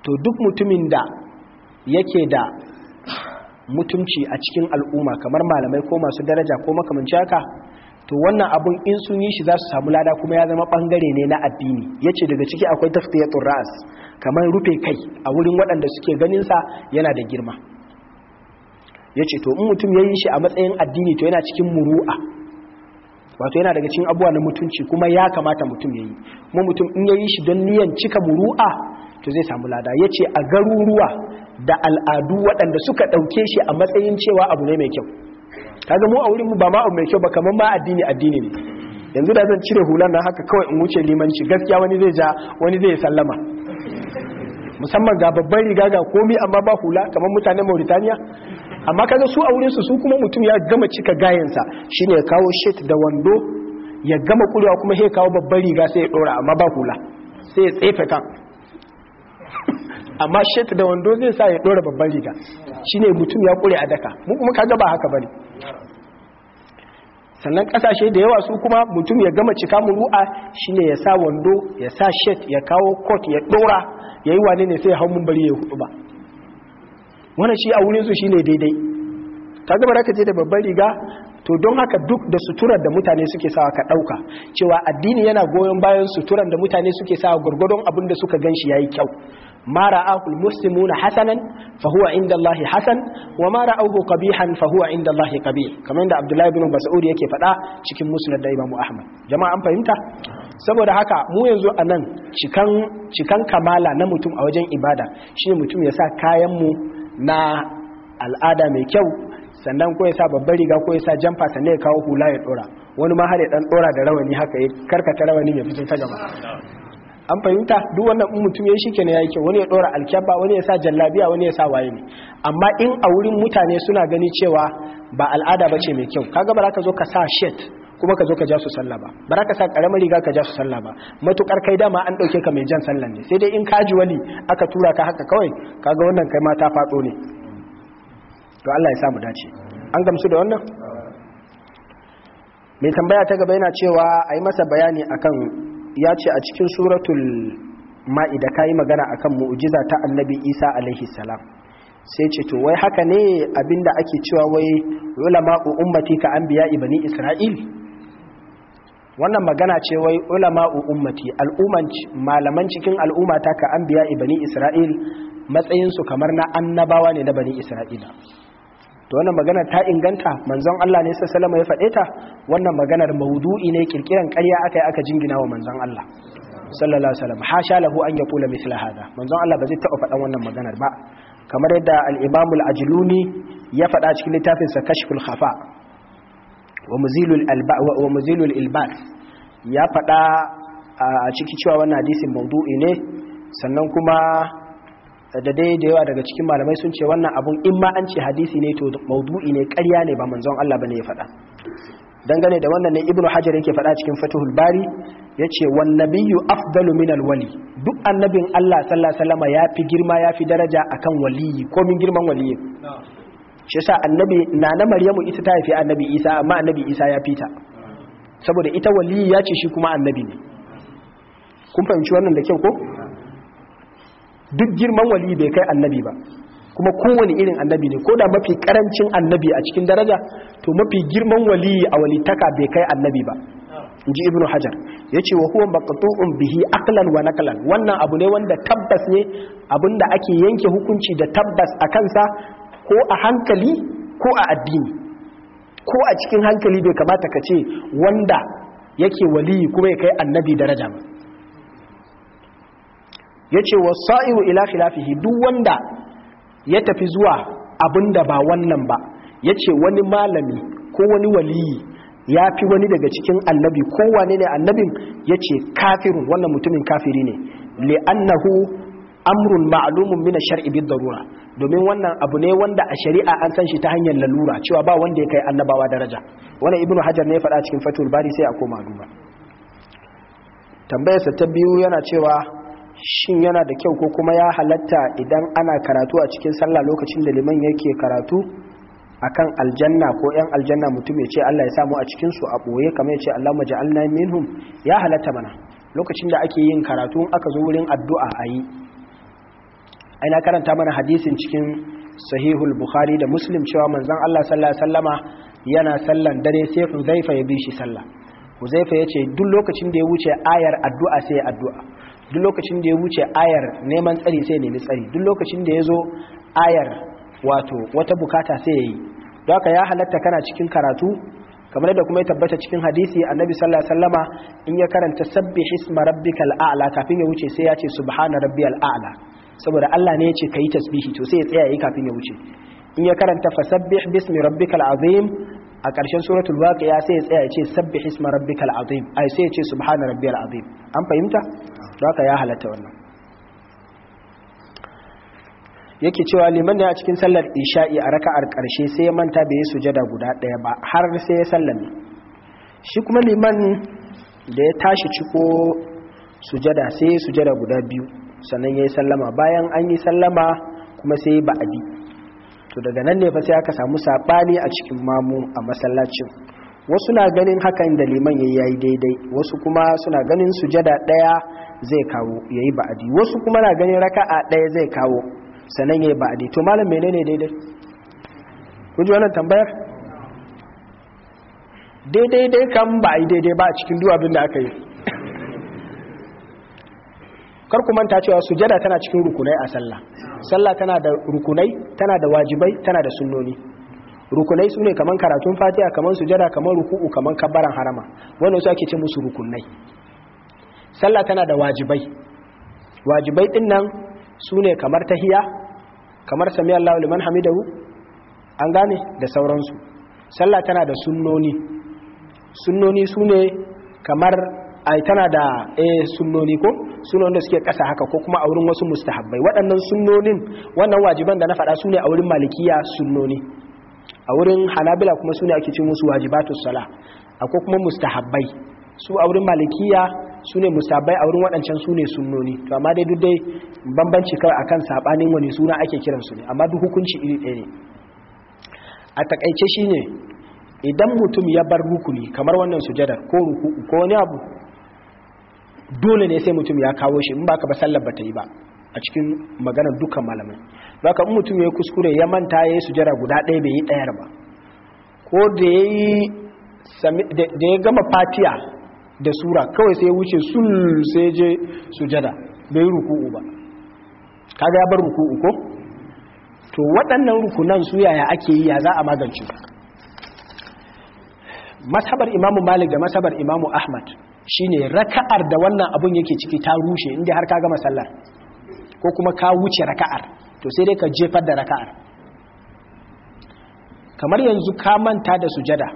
to duk mutumin da yake da mutunci a cikin al'umma kamar malamai ko masu daraja ko makamanci haka to wannan abun in sun yi shi za su samu lada kuma ya zama bangare ne na addini ya ce daga ciki akwai tafsiyatul ra'as kamar rufe kai a wurin waɗanda suke ganin sa yana da girma ya ce to in mutum ya yi shi a matsayin addini to yana cikin muru'a wato yana daga cikin abuwa na mutunci kuma ya kamata mutum ya yi kuma mutum in ya yi shi don niyan cika muru'a to zai samu lada ya ce a garuruwa da al'adu waɗanda suka ɗauke shi a matsayin cewa abu ne mai kyau kaga mu a wurin mu ba ma abu mai kyau ba kamar ma addini addini ne yanzu da zan cire hulan na haka kawai in wuce limanci gaskiya wani zai ja wani zai sallama musamman ga babban riga ga komi amma ba hula kamar mutanen Mauritania amma kaga su a wurin su su kuma mutum ya gama cika gayansa shine ya kawo shit da wando ya gama kurewa kuma sai kawo babban riga sai ya dora amma ba hula sai ya tsefe kan amma shirt da wando zai sa ya ɗora babban riga shine mutum ya kure a daka mu kuma kaga ba haka bane sannan ƙasashe da yawa su kuma mutum ya gama cika muru'a shine ya sa wando ya sa shirt ya kawo coat ya dora yayi wane ne sai ya hau mun bari ya hudu ba wannan shi a wurin su shine daidai kaga baraka ce da babban riga to don haka duk da suturar da mutane suke sawa ka ɗauka? cewa addini yana goyon bayan suturar da mutane suke sawa gurgurdon abin da suka gan ya yayi kyau ما رآه المسلمون حسنا فهو Hassan, الله mara وما Kabihan, fahu فهو عند الله قبيح كما عند عبد الله بن مسعود yake faɗa cikin musnad da Imam Ahmad jama'a an fahimta saboda haka mu yanzu anan cikan cikan kamala na mutum a wajen ibada shine mutum ya sa kayan mu na al'ada mai kyau sannan ko ya sa babbar riga ko ya sa jamfa sannan ya kawo hula ya dora wani ma har ya dan dora da rawani haka ya karkata rawani mai fitin ta gaba an fahimta duk wannan in mutum ya shi kenan ya yi wani ya ɗora alkyabba wani ya sa jallabiya wani ya sa waye ne amma in a wurin mutane suna gani cewa ba al'ada ba ce mai kyau kaga ba za ka zo ka sa shet kuma ka zo ka ja su sallah ba ba ka sa karamar riga ka ja su sallah ba matukar kai dama an ɗauke ka mai jan sallah ne sai dai in kaji wani aka tura ka haka kawai kaga wannan kai ma ta faɗo ne to Allah ya sa mu dace an gamsu da wannan mai tambaya ta gaba yana cewa a yi masa bayani akan ya ce a cikin suratul ma'ida ka yi magana kan mu'ujiza ta annabi isa alaihi salam sai ce to wai haka ne abinda ake cewa wai ulama ummati ka an biya ibani isra'il wannan magana ce wai ulama ummati malaman cikin al'ummata ka an biya ibani isra'il matsayinsu kamar na annabawa ne na bani isra'ila to wannan magana ta inganta manzon Allah ne sallallahu ya faɗe ta wannan maganar maudu'i ne kirkiran ƙarya aka yi aka jingina wa manzon Allah sallallahu alaihi wasallam hasha lahu an yaqula mithla hada manzon Allah ba zai taɓa faɗan wannan maganar ba kamar yadda al-Imam al-Ajluni ya faɗa cikin littafin sa Kashful Khafa wa Muzilul Alba wa Muzilul Ilbat ya faɗa a cikin cewa wannan hadisin maudu'i ne sannan kuma da dai da yawa daga cikin malamai sun ce wannan abun in ma an ce hadisi ne to maudu'i ne ƙarya ne ba manzon Allah bane ya faɗa dangane da wannan ne ibnu hajar yake faɗa cikin fatuhul bari yace wan nabiyyu afdalu min wali duk annabin Allah sallallahu alaihi wasallam yafi girma yafi daraja akan waliyi ko min girman waliyi shi yasa annabi nana maryamu ita ta haifi annabi isa amma annabi isa ya fita saboda ita waliyi ya ce shi kuma annabi ne kun fahimci wannan da kyau ko duk girman wali bai kai annabi ba kuma kowane irin annabi ne ko da mafi karancin annabi a cikin daraja to mafi girman wali a walitaka bai kai annabi ba inji ibnu hajar Ya ce wa huwa maqtu'un bihi aqlan wa naqlan wannan abu ne wanda tabbas ne abinda ake yanke hukunci da tabbas a kansa ko a hankali ko a addini ko a cikin hankali bai kamata ka ce wanda yake wali kuma ya kai annabi daraja ba yace sa'iru ila khilafihi duk wanda ya tafi zuwa da ba wannan ba yace wani malami ko wani waliyi ya fi wani daga cikin annabi ko wane ne annabin yace kafirun wannan mutumin kafiri ne li'annahu amrun ma'lumun min ash-shar'i darura domin wannan abu ne wanda a shari'a an san shi ta hanyar lalura cewa ba wanda ya kai annabawa daraja wani ibnu hajar ne ya faɗa cikin fatul bari sai a koma duba tambayar sa ta biyu yana cewa shin yana da kyau ko kuma ya halatta idan ana karatu a cikin sallah lokacin da liman yake karatu akan aljanna ko yan aljanna mutum ya ce Allah ya samu a cikin su a boye kamar ya ce Allah ja'alna minhum ya halatta mana lokacin da ake yin karatu aka zo wurin addu'a ayi aina karanta mana hadisin cikin sahihul bukhari da muslim cewa manzon Allah sallallahu alaihi yana sallan dare sai Huzaifa ya bi shi sallah Huzaifa ya ce duk lokacin da ya wuce ayar addu'a sai addu'a duk lokacin da ya wuce ayar neman tsari sai nemi tsari duk lokacin da ya zo ayar wato wata bukata sai ya yi don haka ya halatta kana cikin karatu kamar da kuma ya tabbata cikin hadisi annabi sallallahu alaihi in ya karanta sabbi hisma rabbikal a'la kafin ya wuce sai ya ce subhana rabbiyal a'la saboda Allah ne ya ce ka yi tasbihi to sai ya tsaya yayi kafin ya wuce in ya karanta fasabbih bismi rabbikal azim a ƙarshen suratul waqi'a sai ya tsaya ya ce sabbih isma rabbikal azim ai sai ya ce subhana rabbiyal azim an fahimta don ya halatta wannan yake cewa liman ne a cikin sallar isha'i a raka'ar ƙarshe sai ya manta bai yi sujada guda ɗaya ba har sai ya sallame shi kuma liman da ya tashi ciko sujada sai ya sujada guda biyu sannan ya yi sallama bayan an yi sallama kuma sai ba a bi. to daga nan ne fa sai aka samu sabani a cikin mamu a masallacin wasu na ganin hakan da liman yayi yayi daidai wasu kuma suna ganin sujada daya zai kawo yayi ba'adi wasu kuma na ganin raka'a daya zai kawo sanan yayi ba'adi to malam menene daidai kun ji wannan tambayar daidai dai kan ba a yi daidai ba a cikin duk abin da aka yi kar ku manta cewa sujada tana cikin rukunai a sallah sallah tana da rukunai tana da wajibai tana da sunnoni rukunai su ne kamar karatun fatiha kamar sujada kamar ruku'u kamar kabbaran harama wani su ake ce musu rukunai sallah tana da wajibai wajibai din nan su ne kamar tahiya kamar sami wa liman hamidahu an gane da sauransu sallah tana da sunnoni sunnoni su ne kamar ai tana da eh sunnoni ko sunnonin da suke kasa haka ko kuma a wurin wasu mustahabbai waɗannan sunnonin wannan wajiban da na faɗa su ne a wurin malikiya sunnoni a wurin hanabila kuma su ne ake ce musu wajibatus sala akwai kuma mustahabbai su a wurin malikiya su ne musabai a wurin waɗancan su ne sunnoni to amma dai duk dai bambanci kawai akan sabanin wani suna ake kiran su ne amma duk hukunci iri ɗaya ne a takaice shine idan mutum ya bar rukuni kamar wannan sujada ko ruku ko wani abu dole ne sai mutum ya kawo shi in baka ba sallar ba ta yi ba a cikin maganar dukkan malamai ba in mutum ya yi kuskure ya manta ya yi sujara guda ɗaya bai yi ɗayar ba ko da ya gama fatiya da sura kawai sai ya wuce sul sai je sujada bai yi ruku'u ba kaga ya bar ruku'u ko to waɗannan rukunan su yaya ake yi ya za a magance masabar imamu malik da masabar imamu ahmad shine raka'ar da wannan abun yake ciki ta rushe inda har ka gama sallar ko kuma ka wuce raka'ar to sai dai ka jefar da raka'ar kamar yanzu ka manta da sujada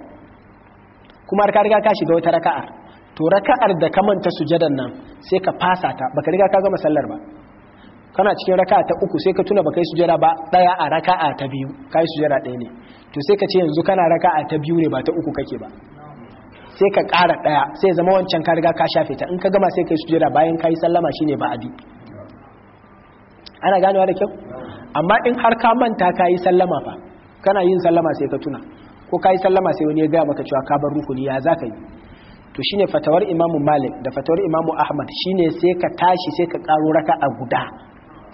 kuma har ka riga ka shiga wata raka'ar to raka'ar da ka manta sujadan nan sai ka fasa ta baka riga ka gama sallar ba kana cikin raka'a ta uku sai ka tuna baka yi sujada ba daya a raka'a ta biyu kai sujada ɗaya ne to sai ka ce yanzu kana raka'a ta biyu ne ba ta uku kake ba sai ka ƙara ɗaya sai zama wancan ka riga ka shafe ta in ka gama sai ka yi jira bayan ka yi sallama shine ba'adi ana ganewa da kyau amma in har ka manta ka yi sallama fa kana yin sallama sai ka tuna ko ka yi sallama sai wani ya gaya maka cewa ka bar rukuni ya za ka yi to shine fatawar imamu malik da fatawar imamu ahmad shine sai ka tashi sai ka ƙaro raka a guda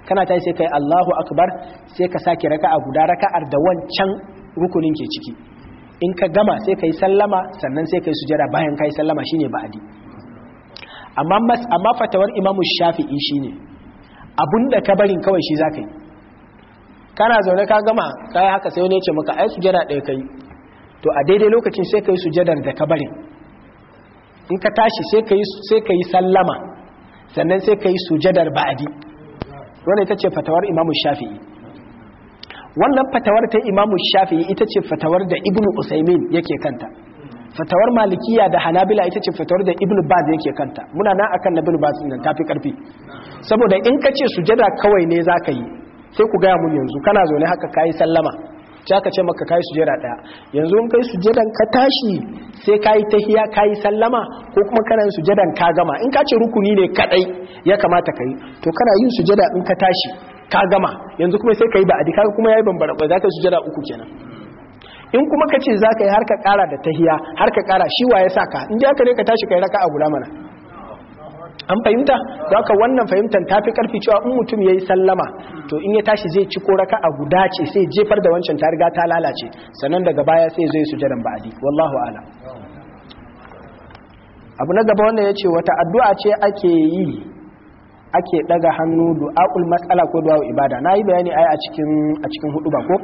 kana tashi sai ka yi allahu akbar sai ka sake raka a guda raka'ar da wancan rukunin ke ciki in ka gama sai ka yi sallama sannan sai ka yi sujada bayan ka yi sallama shine ba'adi amma fatawar imamu shafi'i shine abunda ka barin kawai shi za ka yi kana zaune ka gama yi haka sai wani ya ce maka ai sujada ɗaya ka yi, to a daidai lokacin sai ka yi sujadar da ka barin in ka tashi sai ka yi sallama sannan sai ka yi sujadar ba'adi wannan ita ce fatawar imamu shafi'i wannan fatawar ta imamu shafi ita ce fatawar da ibn usaimin yake kanta fatawar malikiya da hanabila ita ce fatawar da ibn baz yake kanta muna na akan na ibn baz nan tafi karfi saboda in ka ce sujada kawai ne zaka yi sai ku gaya mun yanzu kana zaune haka kayi sallama sai aka ce maka kayi sujada daya yanzu in kai sujadan ka tashi sai kayi tahiya kayi sallama ko kuma kana yin sujadan ka gama in ka ce rukuni ne kadai ya kamata kai to kana yin sujada in ka tashi ka gama yanzu kuma sai ka yi ba'adi kaga kuma yi bambara kwai zaka sujada uku kenan in kuma ka ce za ka yi har ka kara da tahiya har ka kara shi wa sa ka, in ji ya ne ka tashi ka yi raka a guda mana an fahimta za ka wannan fahimtar ta fi karfi cewa in mutum ya yi sallama to in ya tashi zai ci ko raka a guda ce sai jefar da wancan ta riga ta lalace sannan daga baya sai zai su jiran ba'adi wallahu ala abu na gaba wannan ya ce wata addu'a ce ake yi ake daga hannu du'a'ul mas'ala ko du'a'ul ibada na yi bayani ai a cikin a cikin hudu ba ko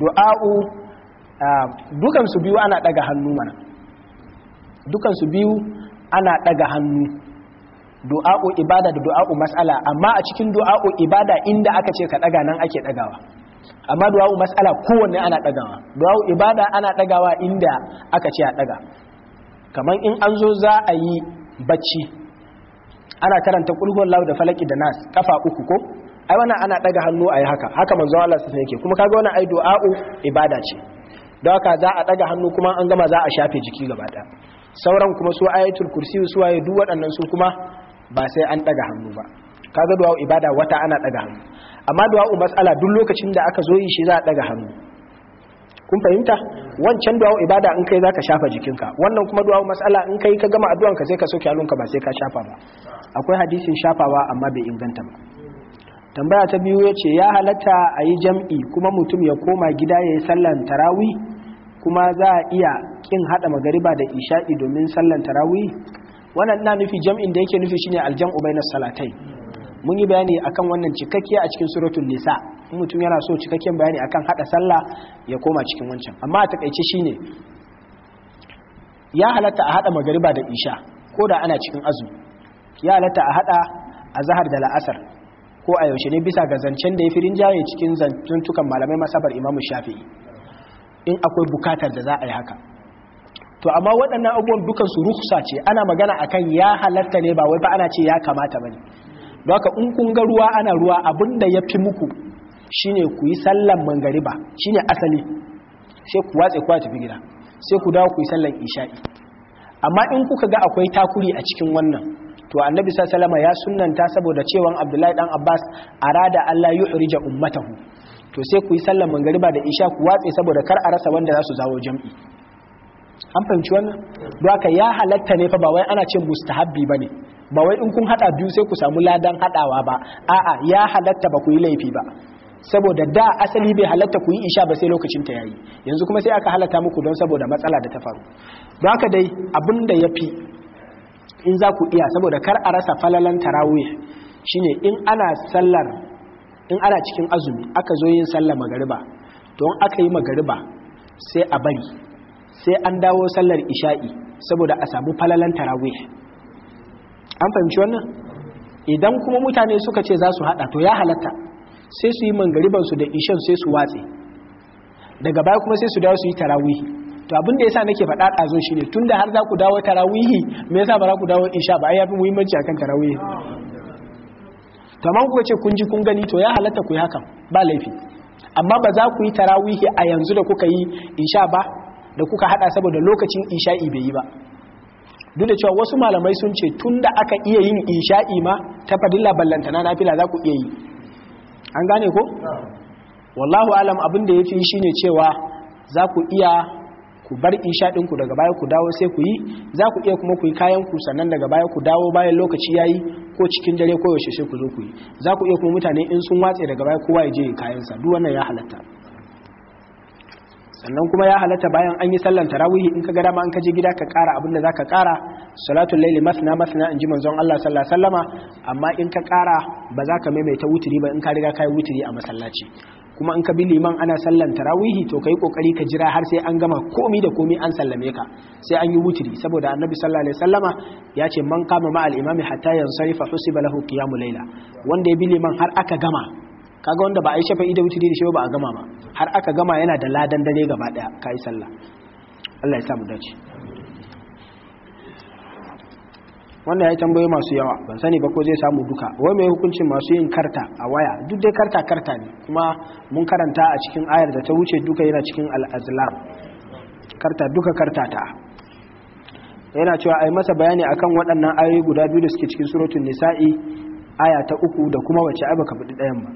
du'a'u dukan su biyu ana daga hannu mana dukan su biyu ana daga hannu du'a'u ibada da du'a'u mas'ala amma a cikin du'a'u ibada inda aka ce ka daga nan ake dagawa amma du'a'u mas'ala kowanne ana dagawa du'a'u ibada ana dagawa inda aka ce a daga kamar in an zo za a yi bacci ana karanta kulhuwar lau da falaki da nas kafa uku ko ai wannan ana daga hannu ayi haka haka manzo Allah sai yake kuma kaga wannan ai du'a'u ibada ce don haka za a daga hannu kuma an gama za a shafe jiki gaba da sauran kuma su ayatul kursi su waye duk waɗannan su kuma ba sai an daga hannu ba kaga du'a'u ibada wata ana daga hannu amma du'a'u mas'ala duk lokacin da aka zo yi shi za a daga hannu kun fahimta wancan du'a ibada in kai zaka shafa jikinka wannan kuma du'a mas'ala in kai ka gama addu'an ka sai ka soke halunka ba sai ka shafa ba akwai hadisin shafawa amma bai inganta ba tambaya ta biyu ya ce ya halatta a yi jam'i kuma mutum ya koma gida ya yi sallan tarawi kuma za a iya kin haɗa magariba da isha'i domin sallan tarawi wannan na nufi jam'in da yake nufi shine aljam'u bainas salatai mun yi bayani akan wannan cikakke a cikin suratun nisa in mutum yana so cikakken bayani akan hada sallah ya koma cikin wancan amma a takaice shine ya halatta a haɗa magariba da isha ko da ana cikin azumi ya halatta a hada a zahar da la'asar ko a yaushe ne bisa ga zancen da ya firin jaye cikin zantuntukan malamai masabar imamu shafi'i in akwai bukatar da za a yi haka to amma waɗannan abubuwan dukansu rukusa ce ana magana akan ya halatta ne ba wai ba ana ce ya kamata ba ne don haka in kun ga ruwa ana ruwa abin da ya fi muku shine ku yi sallan mangariba shine asali sai ku watse ku tafi gida sai ku dawo ku yi sallan isha'i amma in kuka ga akwai takuri a cikin wannan to annabi sallallahu ya sunnanta saboda cewan abdullahi dan abbas arada allah yuhrija ummatahu to sai ku yi sallar mangariba da isha ku watse saboda kar a rasa wanda zasu zawo jam'i an fahimci wannan doka ya halatta ne fa ba wai ana ce mustahabbi bane ba wai in kun hada biyu sai ku samu ladan hadawa ba a'a ya halatta ba ku yi laifi ba saboda da asali bai halatta ku yi isha ba sai lokacin ta yayi yanzu kuma sai aka halatta muku don saboda matsala da ta faru haka dai abin da ya fi. in za ku iya saboda kar a rasa falalan tarawih shine in ana sallar in ana cikin azumi aka zo yin sallar magariba to in aka yi magariba sai a bari sai an dawo sallar isha'i saboda a samu falalan tarawih an fahimci wannan idan kuma mutane suka ce za su hada to ya halatta sai su yi mangariban su da ishan sai su watse daga baya kuma sai su dawo su yi tarawih to abin da yasa nake faɗa ɗazo shi ne tun da har za ku dawo tarawihi me yasa ba za ku dawo isha ba ai yafi muhimmanci akan tarawihi Ta ma kuka ce kun ji kun gani to ya halatta ku yi hakan ba laifi amma ba za ku yi tarawihi a yanzu da kuka yi insha ba da kuka hada saboda lokacin isha'i bai yi ba duk da cewa wasu malamai sun ce tun da aka iya yin isha'i ma ta fadilla ballantana nafila za ku iya yi an gane ko wallahu alam abin da ya shi ne cewa za ku iya ku bar isha ku daga baya ku dawo sai ku yi za ku iya kuma ku yi kayan ku sannan daga baya ku dawo bayan lokaci yayi ko cikin dare ko yaushe sai ku zo ku yi za ku iya kuma mutane in sun watse daga baya kowa ya je ya kayan sa duk wannan ya halatta sannan kuma ya halatta bayan an yi sallan tarawihi in ka ga dama an ka je gida ka kara abin da ka kara salatul laili masna masna in ji manzon Allah sallallahu alaihi wasallama amma in ka kara ba za ka maimaita wutiri ba in ka riga kai wutiri a masallaci kuma an ka bi liman ana sallan tarawihi to kai kokari ka jira har sai an gama komi da komi an sallame ka sai an yi wuturi saboda annabi sallallahu alaihi wasallama ya ce man kama ma al imami hatta yansarifa husiba lahu qiyamul laila wanda ya bi liman har aka gama kaga wanda ba a yi shafa'i da wuturi da shi ba a gama ba har aka gama yana da ladan dare gaba daya kai sallah Allah ya sa mu dace wannan ya yi tambayi masu yawa ban sani ba ko zai samu duka wai mai hukuncin masu yin karta a waya duk dai karta karta ne kuma mun karanta a cikin ayar da ta wuce duka yana cikin al'azlam karta duka karta ta yana cewa ai masa bayani akan waɗannan ayoyi guda biyu da suke cikin surutun nisa'i aya ta uku da kuma wace ai baka ɗayan ba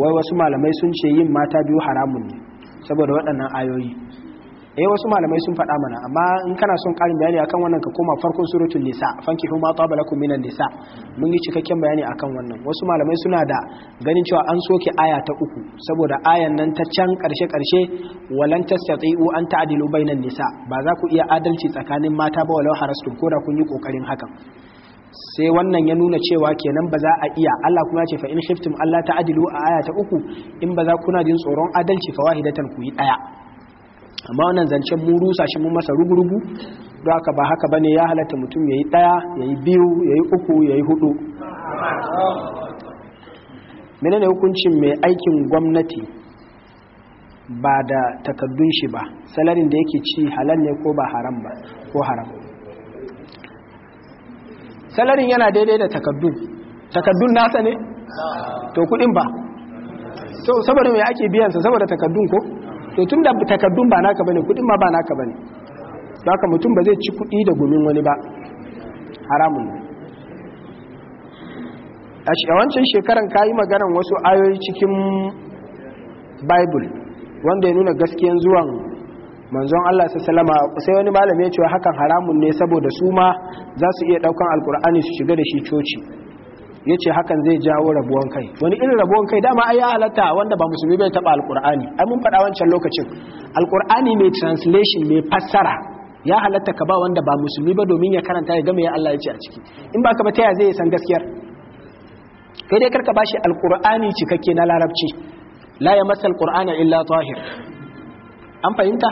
wai wasu malamai sun ce yin mata biyu haramun ne saboda waɗannan ayoyi eh wasu malamai sun faɗa mana amma in kana son ƙarin bayani akan wannan ka koma farkon suratul nisa fanki huma taba lakum minan nisa mun yi cikakken bayani akan wannan wasu malamai suna da ganin cewa an soke aya ta uku saboda ayan nan ta can karshe karshe walan tastati'u an ta'dilu bainan nisa ba za ku iya adalci tsakanin mata ba walau harastum ko da kun yi kokarin hakan sai wannan ya nuna cewa kenan ba za a iya Allah kuma ce fa in khiftum Allah ta'dilu a aya ta uku in ba za kuna jin tsoron adalci fa wahidatan ku yi daya amma wannan zancen mu rusa shi mun masa rugurugu don haka ba haka bane ya halatta mutum yayi daya yayi biyu yayi uku yayi hudu menene hukuncin mai aikin gwamnati ba da takaddun shi ba salarin da yake ci halal ne ko ba haram ba ko haram salarin yana daidai da takaddun takaddun nasa ne to kudin ba saboda mai ake biyansa saboda takaddun ko to tun da takardun ba naka bane kudin ma ba naka bane haka mutum ba zai ci kudi da gumin wani ba haramun ne a wancan shekaran ka yi maganan wasu ayoyi cikin bible wanda ya nuna gaskiyan zuwan manzon Allah sai salama sai wani malami ya ce hakan haramun ne saboda su ma za su iya daukan alkur'ani su shiga da shi coci ya ce hakan zai jawo rabuwan kai wani irin rabuwan kai dama ai ya halatta wanda ba musulmi bai taba alkur'ani ai mun faɗa wancan lokacin alkur'ani mai translation mai fassara ya halatta ka ba wanda ba musulmi ba domin ya karanta ya game ya Allah ya ce a ciki in ba ka ba ta zai san gaskiyar kai dai karka bashi alkur'ani cikakke na larabci la ya masa illa tahir an fahimta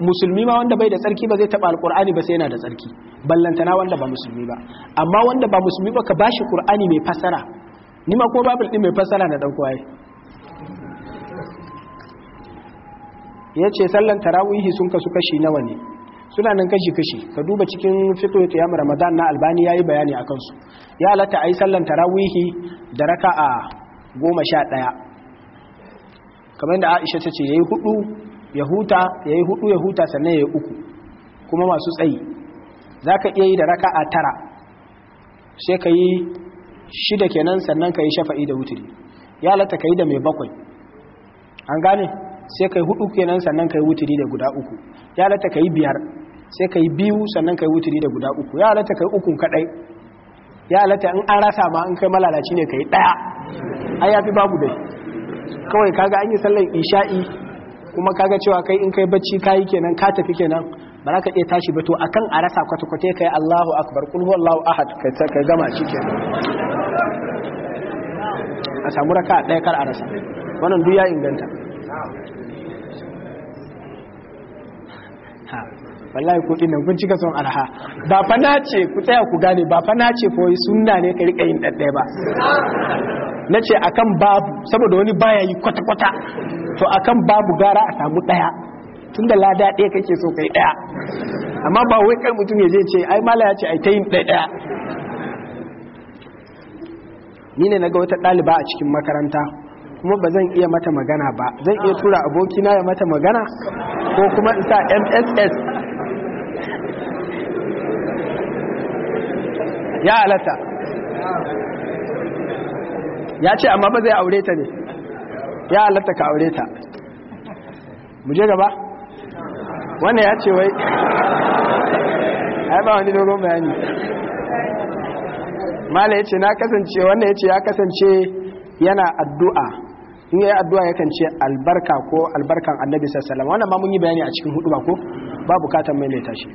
musulmi ma wanda bai da tsarki ba zai taba alkur'ani ba sai yana da tsarki ballantana wanda ba musulmi ba amma wanda ba musulmi ba ka bashi qur'ani mai fasara ni ma ko babul din mai fasara na dauko ai yace sallan tarawihi sun kasu kashi nawa ne suna nan kashi kashi ka duba cikin fiqh qiyam ramadan na albani yayi bayani akan su ya lata ai sallan tarawihi da raka'a goma sha ɗaya kamar da aisha ta ce ya yi hudu ya huta ya yi hudu ya huta sannan ya yi uku kuma masu tsayi za ka iya yi da raka a tara sai ka yi shida kenan sannan ka yi shafa'i da wuturi ya lata ka yi da mai bakwai an gane sai ka yi hudu kenan sannan ka yi wuturi da guda uku ya lata ka yi biyar sai ka yi biyu sannan ka yi wuturi da guda uku ya lata ka yi ukun kadai ya lata in an rasa ma in kai malalaci ne ka yi daya ai ya fi babu dai kawai kaga an yi sallar isha'i kuma kaga cewa kai in kai bacci kayi kenan ka tafi kenan ba za ka iya tashi ba to akan a rasa kwata-kwata kai Allahu akbar kul huwallahu ahad kai ta kai gama shi kenan a samu raka ɗaya kar a rasa wannan duk ya inganta wallahi kuɗi nan kun cika son arha ba fa na ce ku tsaya ku gane ba fa na ce ko sunna ne ka rika yin ɗaɗɗaya ba na ce akan babu saboda wani baya yi kwata-kwata to akan babu gara a samu ɗaya tun lada ɗaya kake so kai daya amma ba wai kai mutum ya je ce ai mala ya ce ai ta yin ɗaya ni ne na ga wata ɗaliba a cikin makaranta kuma ba zan iya mata magana ba zan iya tura abokina ya mata magana ko kuma in isa mss ya halatta ya ce amma ba zai aureta ne ya halatta ka aureta mu je gaba wannan ya ce wai ai ba wani dogon bayani mala ya ce na kasance wannan ya ce ya kasance yana addu'a in ya yi addu'a yakan ce albarka ko albarkan annabi sassalama wannan ma mun yi bayani a cikin hudu ba ko ba mai maimaita shi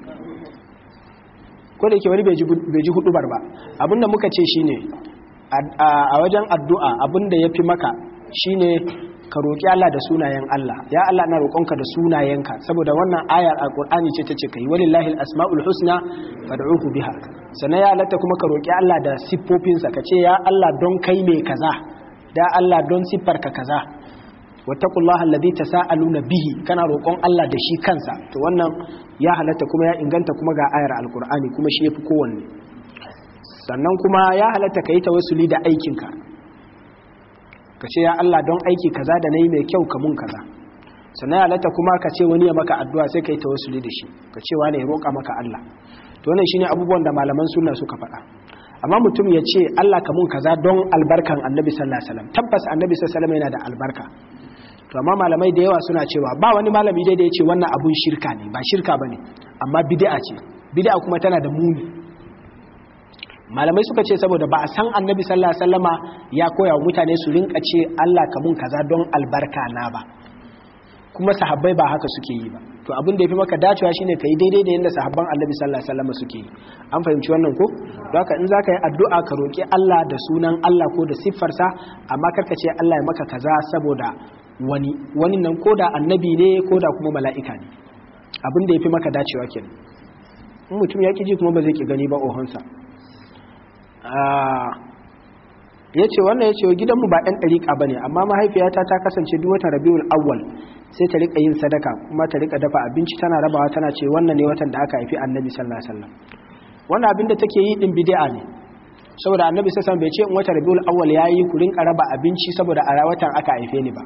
ko da yake wani bai ji hudubar ba abinda muka ce shi ne, a wajen addu'a abinda ya fi maka shi ne ka roƙi Allah da sunayen Allah ya Allah na roƙonka da sunayenka saboda wannan ayar a ƙur'ani ce ta ce ka tace wani lahil asma'ul husna fad'uhu biha sana ya halatta kuma ka roƙi Allah da siffofinsa ka ce ya Allah don kai me kaza da Allah don siffarka kaza wattaqullaha alladhi na bihi kana roƙon Allah da shi kansa to wannan ya halatta kuma ya inganta kuma ga ayar alkur'ani kuma shi ya fi kowanne sannan kuma ya halatta ka yi tawassuli da aikinka ka ce ya Allah don aiki kaza da nayi mai kyau kamun kaza sannan ya halatta kuma ka ce wani ya maka addu'a sai ka yi tawassuli da shi ka ce wani ya roƙa maka Allah to wannan shine abubuwan da malaman sunna suka faɗa amma mutum ya ce Allah kamun kaza don albarkan annabi sallallahu alaihi wasallam tabbas annabi sallallahu alaihi wasallam yana da albarka to amma malamai da yawa suna cewa ba wani malami dai da ya ce wannan abun shirka ne ba shirka ba ne amma bid'a ce bid'a kuma tana da muni malamai suka ce saboda ba a san annabi sallallahu alaihi wasallama ya koya wa mutane su rinka ce Allah ka mun kaza don albarka na ba kuma sahabbai ba haka suke yi ba to abin da yafi maka dacewa shine kai daidai da yanda sahabban annabi sallallahu alaihi wasallama suke yi an fahimci wannan ko don haka in zaka yi addu'a ka roki Allah da sunan Allah ko da siffarsa amma karka ce Allah ya maka kaza saboda wani wani nan da annabi ne ko da kuma mala'ika ne abin da ya fi maka dacewa ke in mutum ya ji kuma ba zai ki gani ba ohonsa ah, ya ce wannan ya ce wa gidanmu ba ɗan ɗariƙa ba ne amma mahaifiyata ta kasance duk watan rabiul awal, sai ta riƙa yin sadaka kuma ta riƙa dafa abinci tana rabawa tana ce wannan ne watan da aka haifi annabi sallallahu alaihi wannan abin da take yi din bid'a ne saboda annabi sallallahu alaihi wasallam bai ce in watan rabiul awwal yayi ku rinƙa raba abinci saboda a watan aka haife ni ba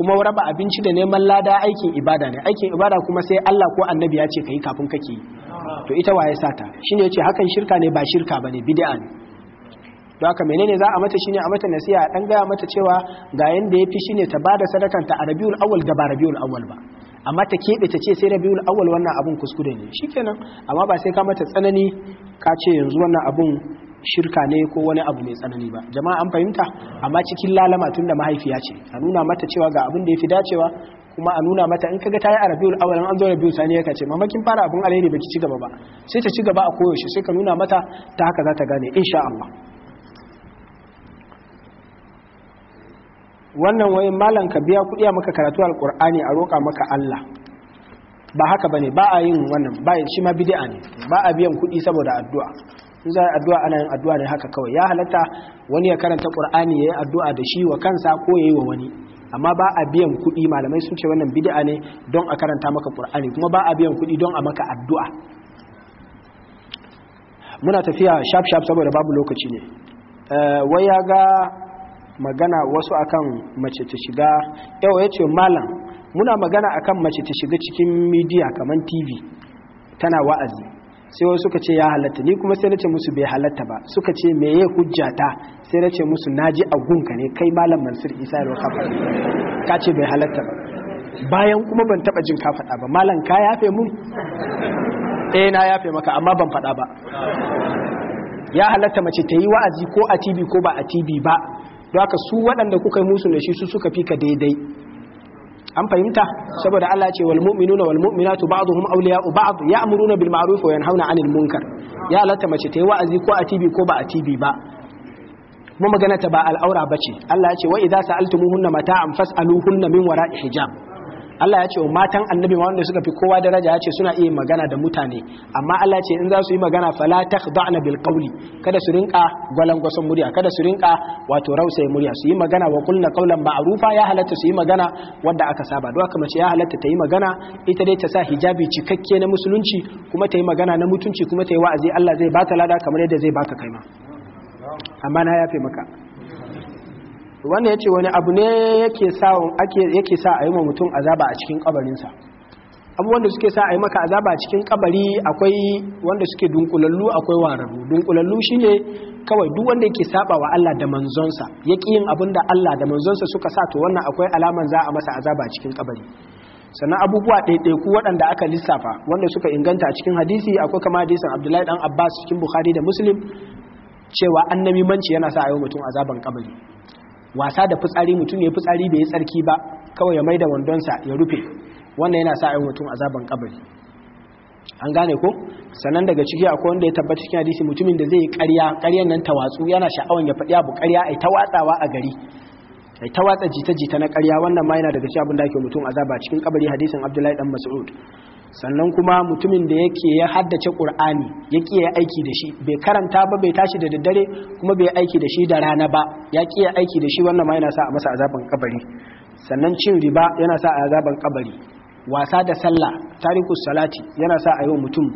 kuma raba abinci da neman lada aikin ibada ne aikin ibada kuma sai Allah ko annabi ya ce ka yi kafin kake yi to ita waye sata shine yace hakan shirka ne ba shirka bane bid'a ne to haka menene za a mata shine a mata nasiha dan gaya mata cewa ga yanda yafi shine ta bada sadakan ta a Rabiul Awwal da ba Rabiul Awwal ba amma ta keɓe ta ce sai Rabiul Awwal wannan abun kuskure ne shikenan amma ba sai ka mata tsanani ka ce yanzu wannan abun shirka ne ko wani abu mai tsanani ba jama'a an fahimta amma cikin lalama tun da mahaifiya ce a nuna mata cewa ga abin da ya fi dacewa kuma a nuna mata in kaga ta yi a rabiul awalan an zo rabiul sani ya kace mamakin fara abin alheri baki ci gaba ba sai ta ci gaba a koyaushe sai ka nuna mata ta haka za ta gane insha Allah wannan wayin malam ka biya kuɗi a maka karatu alqur'ani a roƙa maka Allah ba haka bane ba a yin wannan ba shi ma bid'a ne ba a biyan kuɗi saboda addu'a in za a addu'a ana yin addu'a ne haka kawai ya halatta wani ya karanta qur'ani yayi addu'a da shi wa kansa ko yayi wa wani amma ba a biyan kuɗi malamai sun ce wannan bid'a ne don a karanta maka qur'ani kuma ba a biyan kuɗi don a maka addu'a muna tafiya sharp sharp saboda babu lokaci ne eh, wai ya ga magana wasu akan mace ta shiga yau ya ce malam muna magana akan mace ta shiga cikin midiya kamar tv tana wa'azi sai wasu suka ce ya halatta ni kuma sai na ce musu bai halatta ba suka ce me ya hujjata sai na ce musu naji a gunka ne kai malam mansur isa ya kafa ka ce bai halatta ba bayan kuma ban taba jin ka faɗa ba malam ka yafe mun eh na yafe maka amma ban faɗa ba ya halatta mace ta yi wa'azi ko a TV ko ba a TV ba don haka su waɗanda kuka yi musu da shi su suka fi ka daidai an fahimta saboda Allah ce wal mu'minuna wal mu'minatu ba'dhum awliya'u ba'd ya'muruna bil ma'ruf wa yanhauna 'anil munkar ya halatta mace ta yi wa'azi ko a TV ko ba a TV ba kuma magana ta ba al'aura bace Allah ya ce wa idza sa'altumuhunna mata'an fas'aluhunna min wara'i hijab Allah ya ce matan annabi ma wanda suka fi kowa daraja ya ce suna iya magana da mutane amma Allah ya ce in za su yi magana fala takhda'na bil qawli kada su rinka gwalangwasan murya kada su rinka wato rausaye murya su yi magana wa qulna qawlan ma'rufa ya halatta su yi magana wanda aka saba don haka mace ya halatta ta yi magana ita dai ta sa hijabi cikakke na musulunci kuma ta yi magana na mutunci kuma ta yi wa'azi Allah zai bata lada kamar yadda zai baka kaima amma na yafe maka wannan ya ce wani abu ne yake sa a yi ma mutum azaba a cikin kabarinsa abubuwan da suke sa a yi maka azaba a cikin kabari akwai wanda suke dunkulallu akwai wararru dunkulallu shine kawai duk wanda yake saba wa Allah da manzonsa ya yin abin da Allah da manzonsa suka sa to wannan akwai alaman za a masa azaba a cikin kabari sannan abubuwa ɗaiɗaiku waɗanda aka lissafa wanda suka inganta a cikin hadisi akwai kama hadisin abdullahi dan abbas cikin bukhari da muslim cewa annabi manci yana sa a yi mutum azaban kabari wasa da fitsari mutum ya fitsari bai yi tsarki ba kawai ya maida wandonsa ya rufe wannan yana sa ayi mutum azaban kabari an gane ko sannan daga ciki akwai wanda ya tabbata cikin hadisi mutumin da zai yi ƙarya ƙaryan nan ta watsu yana sha'awan ya faɗi abu ƙarya ai ta watsawa a gari ai ta watsa jita-jita na ƙarya wannan ma yana daga cikin abin da ake mutum azaba cikin kabari hadisin Abdullahi dan Mas'ud sannan kuma mutumin da yake ya haddace ƙur'ani ya ya aiki da shi bai karanta ba bai tashi da daddare kuma bai aiki da shi da rana ba ya ki ya aiki da shi wannan ma yana sa a masa azaban kabari sannan cin riba yana sa a azaban kabari wasa da sallah tarikus salati yana sa a yi wa mutum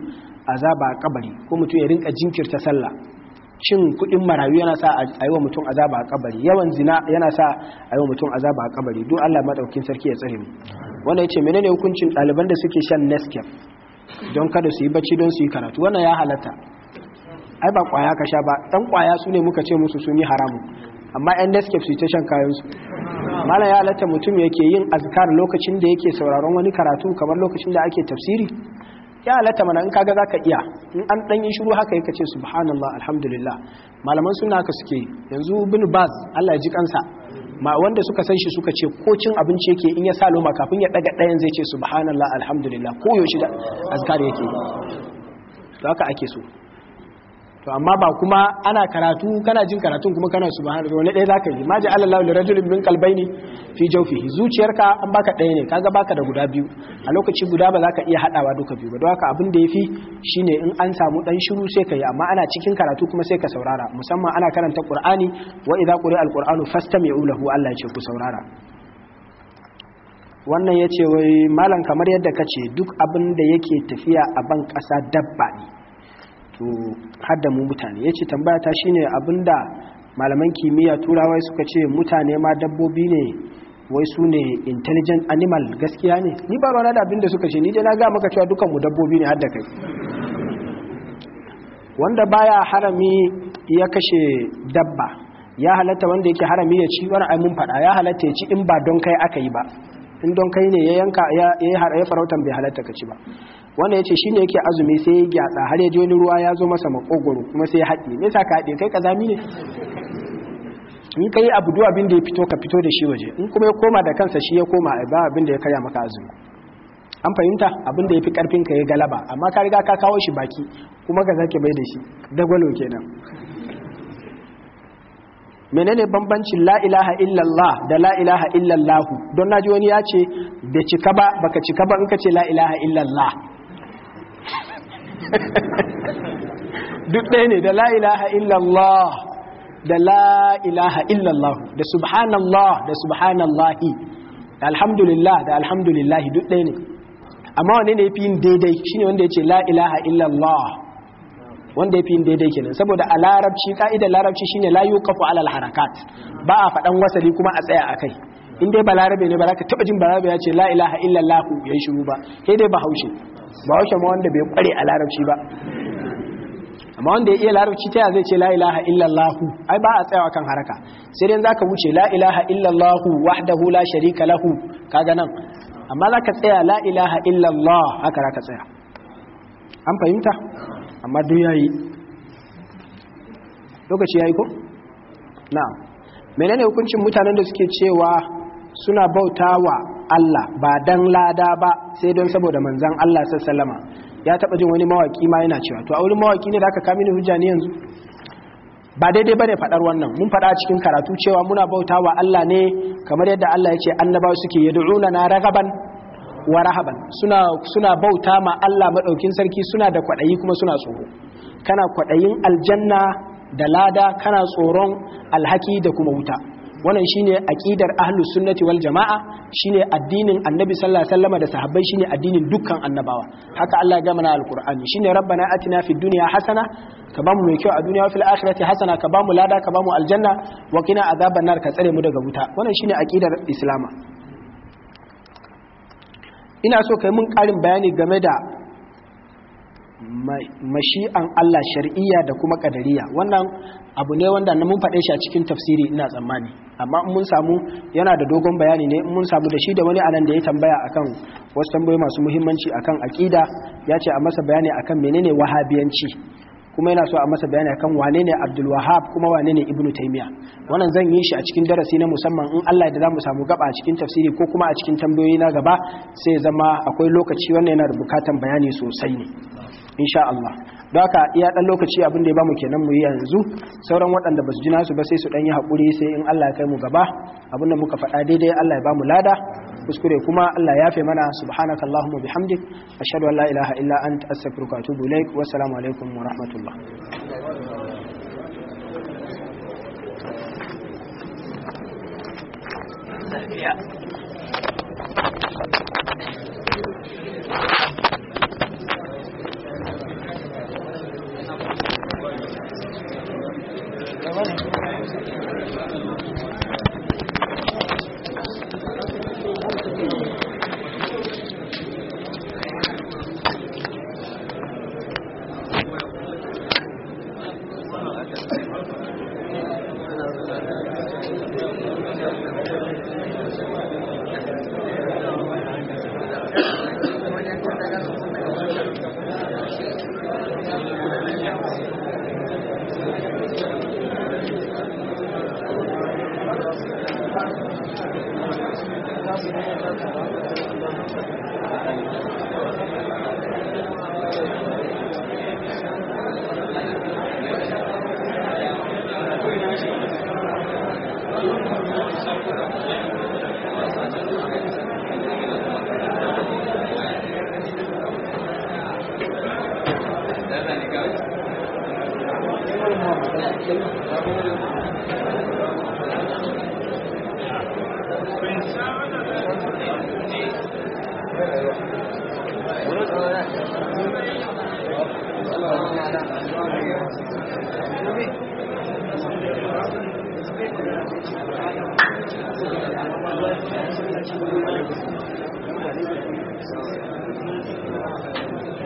azaba ƙabari kabari ko mutum ya rinka jinkirta sallah cin kudin marayu yana sa a yi wa mutum azaba a kabari yawan zina yana sa a yi wa mutum azaba a kabari don allah maɗaukin sarki ya tsare mu wanda ya ce mene ne hukuncin ɗaliban da suke shan neskef don kada su yi bacci don su yi karatu wannan ya halatta ai ba kwaya ka sha ba ɗan kwaya su ne muka ce musu sun yi haramu amma yan neskef su yi ta shan su malam ya halatta mutum yake yin azkar lokacin da yake sauraron wani karatu kamar lokacin da ake tafsiri ya halatta mana in kaga zaka iya in an dan yi shiru haka yake ce subhanallah alhamdulillah malaman suna haka suke yanzu bin baz Allah ya ji kansa ma wanda suka san shi suka ce ko cin abinci yake in ya sa loma kafin ya daga ɗayan zai ce subhanallah alhamdulillah ko yaushe da azkar yake to haka ake so to amma ba kuma ana karatu kana jin karatun kuma kana subhanallahi wani ɗaya zaka yi ma ja Allahu li min qalbayni fi jawfihi zuciyarka an baka ɗaya ne kaga baka da guda biyu a lokaci guda ba zaka iya hadawa duka biyu ba don haka abin da yafi shine in an samu dan shiru sai ka yi. amma ana cikin karatu kuma sai ka saurara musamman ana karanta Qur'ani wa idza quri al-Qur'anu fastami'u lahu Allah ya ce ku saurara wannan yace ce wai malam kamar yadda ka ce duk abin da yake tafiya a ban ƙasa dabba ne to hadda mu mutane ya ce tambaya ta shine abinda malaman kimiyya turawa suka ce mutane ma dabbobi ne wai su ne intelligent animal gaskiya ne ni ba rana da abinda suka ce ni dai na ga maka cewa dukan mu dabbobi ne hadda kai wanda baya harami ya kashe dabba ya halatta wanda yake harami ya ci wani mun faɗa ya halatta ya ci in ba don kai aka yi ba in don kai ne ya yanka ya ya farautan bai halatta ka ci ba wannan shi ne yake azumi sai ya gyatsa har ya je wani ruwa ya zo masa makogoro kuma sai ya haɗe me yasa ka haɗe kai kazami ne in kai abu duwa abin da ya fito ka fito da shi waje in kuma ya koma da kansa shi ya koma ba abin da ya karya maka azumi an fahimta abin da ya fi karfin ka ya galaba amma ka riga ka kawo shi baki kuma ka zaki bai da shi dagwalo kenan menene bambancin la ilaha illallah da la ilaha illallah don naji wani ya ce da cika ba baka cika ba in ka ce la ilaha illallah duk ɗaya ne da la ilaha illallah da la ilaha illallah da subhanallah da subhanallahi da alhamdulillah da alhamdulillahi duk ɗaya ne amma wane ne fi yin daidai shine wanda ya ce la ilaha illallah wanda yafi da daidai kenan saboda a larabci ka'idar larabci shine la yuqafu alal harakat ba a faɗan wasali kuma a tsaya akai in dai larabe ne ba za ka taɓa jin balarabe ya ce la ilaha illallah ya shiru ba Kai dai bahaushe bahaushe ma wanda bai kware a larabci ba amma wanda ya iya larabci ta zai ce la ilaha illallah ai ba a tsayawa kan haraka sai dai zaka wuce la ilaha illallah wahdahu la sharika lahu kaga nan amma zaka tsaya la ilaha illallah haka zaka tsaya an fahimta amma duk yi. lokaci ya yi ko Na. menene hukuncin mutanen da suke cewa suna bauta wa Allah ba dan lada ba sai don saboda manzan Allah sallama ya taba jin wani mawaki ma yana cewa to a wurin mawaki ne da aka kamini hujja ne yanzu ba daidai ba ne fadar wannan mun fada cikin karatu cewa muna bauta wa Allah ne kamar yadda Allah ya ce annabawa suke yad'una na ragaban wa rahaban suna suna bauta ma Allah madaukin sarki suna da kwadayi kuma suna tsoro kana kwadayin aljanna da lada kana tsoron alhaki da kuma wuta wannan shine aqidar ahlus sunnati wal jamaa shine addinin annabi sallallahu alaihi wasallam da sahabbai shine addinin dukkan annabawa haka Allah ya na alqur'ani shine rabbana atina fid dunya hasana ka bamu mai kyau a duniya fil akhirati hasana ka bamu lada ka bamu aljanna wa qina azaban nar ka tsare mu daga wuta wannan shine aqidar islama ina so kai mun karin bayani game da mashi'an Allah shar'iyya da kuma kadariya wannan abu ne wanda na mun faɗe shi a cikin tafsiri ina tsammani amma in mun samu yana da dogon bayani ne in mun samu da shi da wani anan da ya tambaya akan wasu tambayoyi masu muhimmanci akan aƙida ya ce a masa bayani akan menene wahabiyanci kuma yana so a masa bayani akan wane ne Abdul Wahhab kuma wane ne Ibn Taymiyyah wannan zan yi shi a cikin darasi na musamman in Allah da zamu samu gaba a cikin tafsiri ko kuma a cikin tambayoyi na gaba sai zama akwai lokaci wannan yana da bukatan bayani sosai ne insha Allah don haka iya dan lokaci abin da ya bamu kenan mu yi yanzu sauran waɗanda basu ji su ba sai su dan yi hakuri sai in Allah ya kai mu gaba abin da muka faɗa daidai Allah ya bamu lada kuskure kuma Allah ya fi mana subhanakallahumma bihamdik ashhadu an la ilaha illa anta astaghfiruka wa atubu ilaik wa assalamu alaikum wa rahmatullah Yeah.